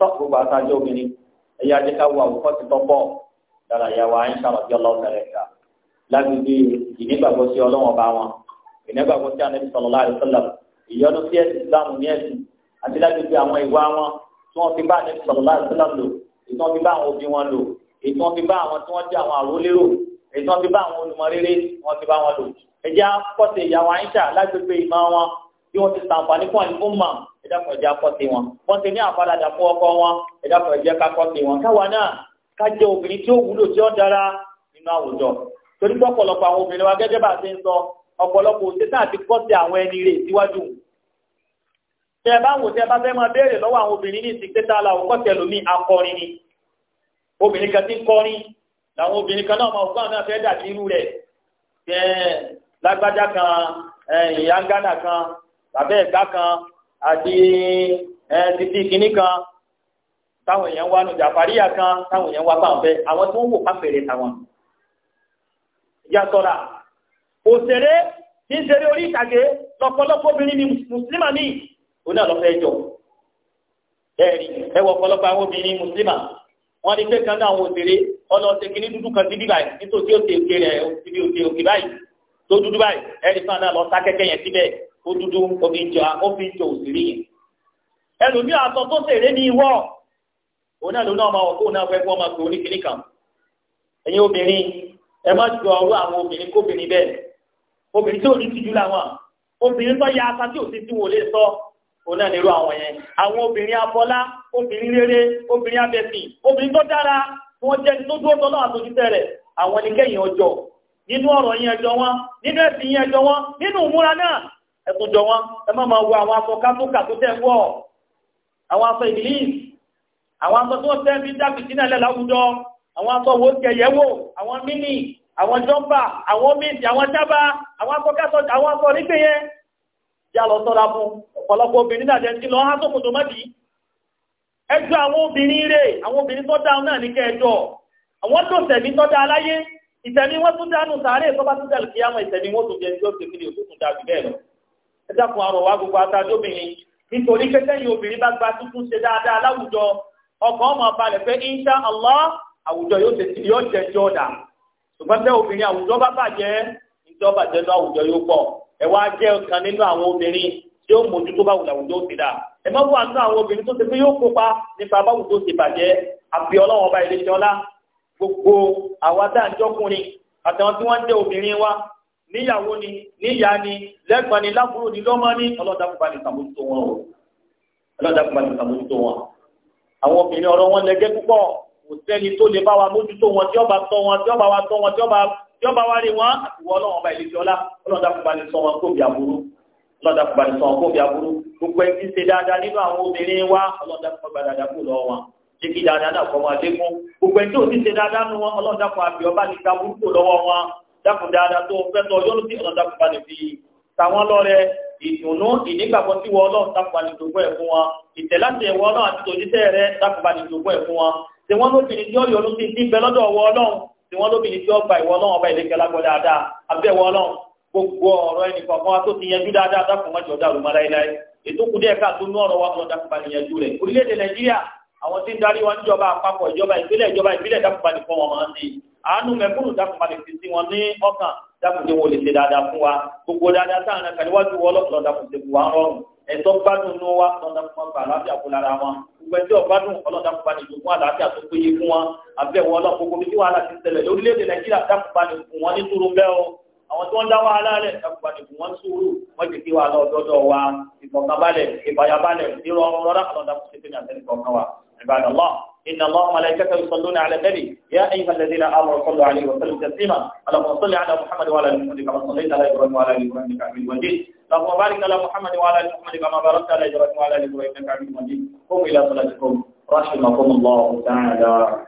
tọ́pù bàtà jẹ́ obìnrin ẹ̀yà jẹ́ ká wo àwòkọ́ ti tọ́pọ̀ dára ìyá wa Àìṣà rọ̀bí ọlọ́wọ́ tẹ̀lé ká lágbègbè ìnígbàgbọ́ sí ọlọ́wọ́n bá wọn ìnígbàgbọ́ sí Ànábì sallallahu alaihi wasallam ìyọnu sí ẹ̀sìn Islam ní ẹ̀sìn àti lágbègbè àwọn ìwà wọn tí wọ́n fi bá ní sọ̀rọ̀ láti lọ lò èyí tí wọ́n fi bá àwọn òbí wọn lò èyí tí wọ́n fi bá àwọn tí wọ́n jẹ́ àwọn àrólérò èyí tí wọ́n fi bá àwọn olùmọ̀réré wọ́n fi bá wọn lò. ẹ̀jẹ̀ akọ́sẹ̀ ìyàwó àyíṣà lágbègbè ìmọ̀ wọn bí wọ́n ti sàǹfààní fún àlùkò mọ̀ ẹ̀dàkùn ẹ̀jẹ̀ akọ́sẹ̀ wọn wọ́n ti ní àfaradà fún ọkọ wọn ẹ̀dàkùn ẹ̀jẹ̀ kakọ́sẹ̀ wọn káwa náà kájẹ obìnrin tí ó wúlò tí ó dára nínú àwùjọ torí pé àwọn obìnrin wa gẹ́gẹ́ bá a ti ń sọ ọ̀pọ̀lọpọ̀ òṣèṣà àti kọ́sẹ̀ àwọn ẹni rè síwájú tẹ bá ń wò tẹ bá fẹ́ máa béèrè lọ́wọ́ àwọn obìnrin ní ìsìn tẹ́ta la òkọ́ tẹ lómi akọrin ni obìnrin kan ti ń kọrin làwọn obìnrin kan náà máa òkú àwọn náà fẹ́ dàbí irú rẹ̀ ẹ lágbájá kan ìyá gánà kan tàbẹ́ ẹ̀ka kan àti títí kínní kan táwọn èèyàn wá nu jàfàríyà kan táwọn èèyàn wá pàǹfẹ́ àwọn tó ń wò pàfẹ́rẹ́ táwọn. ìyá òṣèré tí ń ṣeré orí ìtàgé lọ́pọ̀lọpọ̀ obìnrin ni mùsùlùmí oní àlọ́fẹ́ jọ ẹ̀rí ẹwọ ọ̀pọ̀lọpọ̀ àwọn obìnrin mùsùlùmá wọn ní pé kan náà àwọn òṣèré ọlọ́ọ̀ṣẹ́ kìíní dúdú kan síbí báyìí nítòsí òkè òkè rẹ̀ síbi òkè òkè báyìí tó dúdú báyìí ẹ̀rí fún àná lọ sá kẹ́kẹ́ yẹn síbẹ̀ ó dúdú omi jọ omi jọ òṣèré yẹn ẹlòmí àtọ tó ṣèré ní ìwọ òun náà ló náà máa wọ kóun náà fẹ́ fún ọmọ ya ata tí ò ti tún òun náà nírú àwọn yẹn àwọn obìnrin afọlá obìnrin rere obìnrin abẹsìn obìnrin tó dára wọn jẹ tó dúró tọ́lọ́ àtòjútẹ́ rẹ̀ àwọn ni kẹ́yìn ọjọ́ nínú ọ̀rọ̀ yín ẹjọ́ wọn nínú ẹ̀sìn yín ẹjọ́ wọn nínú ìmúra náà ẹ̀sùn jọ wọn ẹ má máa wo àwọn aṣọ kátókà tó tẹ̀ wọ̀ àwọn aṣọ ìbílíìs àwọn aṣọ tó tẹ́ fi dá fìtínà lẹ̀ láwùjọ àwọn aṣọ wo kẹyẹ wò àwọn mini àwọn jọmpa àwọn mint àwọn sábà àwọn aṣọ kásọ àwọn aṣọ nígbè já lọ sọ́ra fún ọ̀pọ̀lọpọ̀ obìnrin náà jẹ́ kí lọ hásọ̀ kò tó má dì í ẹjọ́ àwọn obìnrin rẹ̀ àwọn obìnrin tó dáa náà ní kẹjọ́ àwọn tó sẹ̀mí tó dáa láyé ìtẹ̀mí wọ́n tún dánù sàárè tó bá tún dẹ̀ kí àwọn ìtẹ̀mí wọ́n tún jẹ́ tún dàbí bẹ́ẹ̀ lọ ẹ dákun wá gbogbo nítorí obìnrin bá gba tuntun ṣe dáadáa láwùjọ ọkàn ọmọ balẹ̀ pé insha Allah ẹ wá jẹ́ ọ̀kan nínú àwọn obìnrin tí ó mójú tó bá wù láwùjọ ti dà ẹ má wà nínú àwọn obìnrin tó ti pé yóò kópa nípa báwù tó ti bàjẹ́ àbí ọlọ́wọ́n ọba ilé ṣọlá gbogbo àwa dáńjọ́kùnrin àtàwọn tí wọ́n jẹ́ obìnrin wa níyàwó ni níyà ni lẹ́gbọ̀n ni lábúrò ni lọ́mọ ni ọlọ́dàkùnbá ni sàmójútó wọn o ọlọ́dàkùnbá ni sàmójútó wọn àwọn obìnrin ọ̀rọ̀ wọn lẹ́gẹ́ púpọ̀ kò sẹ́ni tó lè bá wa mójútó wọn tí ó bá wọn tí ó wa tọ́ wọn tí ó yọba wa ni wọn àtiwọ́ ọlọ́run ọba ìlẹ́sìn ọlá ọlọ́dà kò bá ní sọ wọn kó bí aburú ọlọ́dà kò bá ní sọ wọn kó bí aburú gbogbo ẹni tí ń ṣe dáadáa nínú àwọn obìnrin wa ọlọ́dà kò bá dáadáa kú lọ́wọ́ wọn jẹ́ kí dáadáa náà kọ́ máa lékún gbogbo ẹni tó ti ṣe dáadáa nu wọn ọlọ́dà kò àbí ọba ní kaburúkú lọ́wọ́ wọn dákun dáadáa tó fẹ́ tọ́ yọ́nú sí ọlọ́dà kò bá ní fi tàwọn lọ́rẹ ìdùnnú ìnígbàgbọ́ tí wọ́n lọ́ọ̀ dákun bá ní dògbò ẹ̀ fún wọn ìtẹ̀láṣẹ ìwọ náà àti tòjíṣẹ́ rẹ dákun bá ní dògbò ẹ̀ fún wọn tí wọ́n lóbìnrin tí ó yọ̀ọ́nú sí ti bẹ lọ́dọ̀ ọwọ́ ọlọ́run tí wọ́n lóbìnrin tí ó gba ìwọ ọlọ́run ọba ìlẹ́kẹ̀ lágbọ́ dáadáa abẹ́ ìwọ ọlọ́run gbogbo ọ̀rọ̀ ẹnì kọ̀ọ̀kan wa tó ti yanjú dáadáa dákun mọ́jọ dàrú mọ́ láéláé ètò kù díẹ̀ ká tó nú ọ̀rọ̀ wa lọ́dà kó bá ní yanjú rẹ̀ orílẹ̀-èdè nàìjíríà àwọn tí ń darí wa níjọba àpapọ̀ ìjọba ìpínlẹ̀ ìjọba ìbílẹ̀ dákun bá ní fọ́ wọn hàn sí àánú mẹ́kúrú dákun bá ní fi sí wọn ní ọkàn dákun tí wọn ò lè ṣe dáadáa fún wa gbogbo dáadáa táwọn akàníwájú wọlọ́pọ̀ lọ́dà kò ẹ̀tọ́ gbádùn ló wá ọlọ́dàkùnmá gba àlàáfíà kó lára wọn gbogbo ẹjọ́ gbádùn ọlọ́dàkùnmá ní ìdògún àlàáfíà tó péye fún wọn abẹ́wọ̀ ọlọ́kókó bí wàhálà ti ṣẹlẹ̀ lórílẹ̀ nàìjíríà dàkùnmá ní fún wọn ní túrú bẹ́ẹ̀ o àwọn tó ń dá wàhálà rẹ̀ dàkùnmá ní fún wọn sùúrù wọ́n ti kí wa lọ dọ́dọ̀ wa ìfọ̀kànbalẹ̀ ìfàyàbalẹ̀ إن الله ملائكته يصلون على النبي يا أيها الذين آمنوا صلوا عليه وسلموا تسليما اللهم صل على محمد وعلى آل محمد كما صليت على إبراهيم وعلى آل إبراهيم إنك حميد مجيد اللهم بارك على محمد وعلى ال محمد كما باركت على ابراهيم وعلى ال ابراهيم انك حميد مجيد قوموا الى صلاتكم رحمكم الله تعالى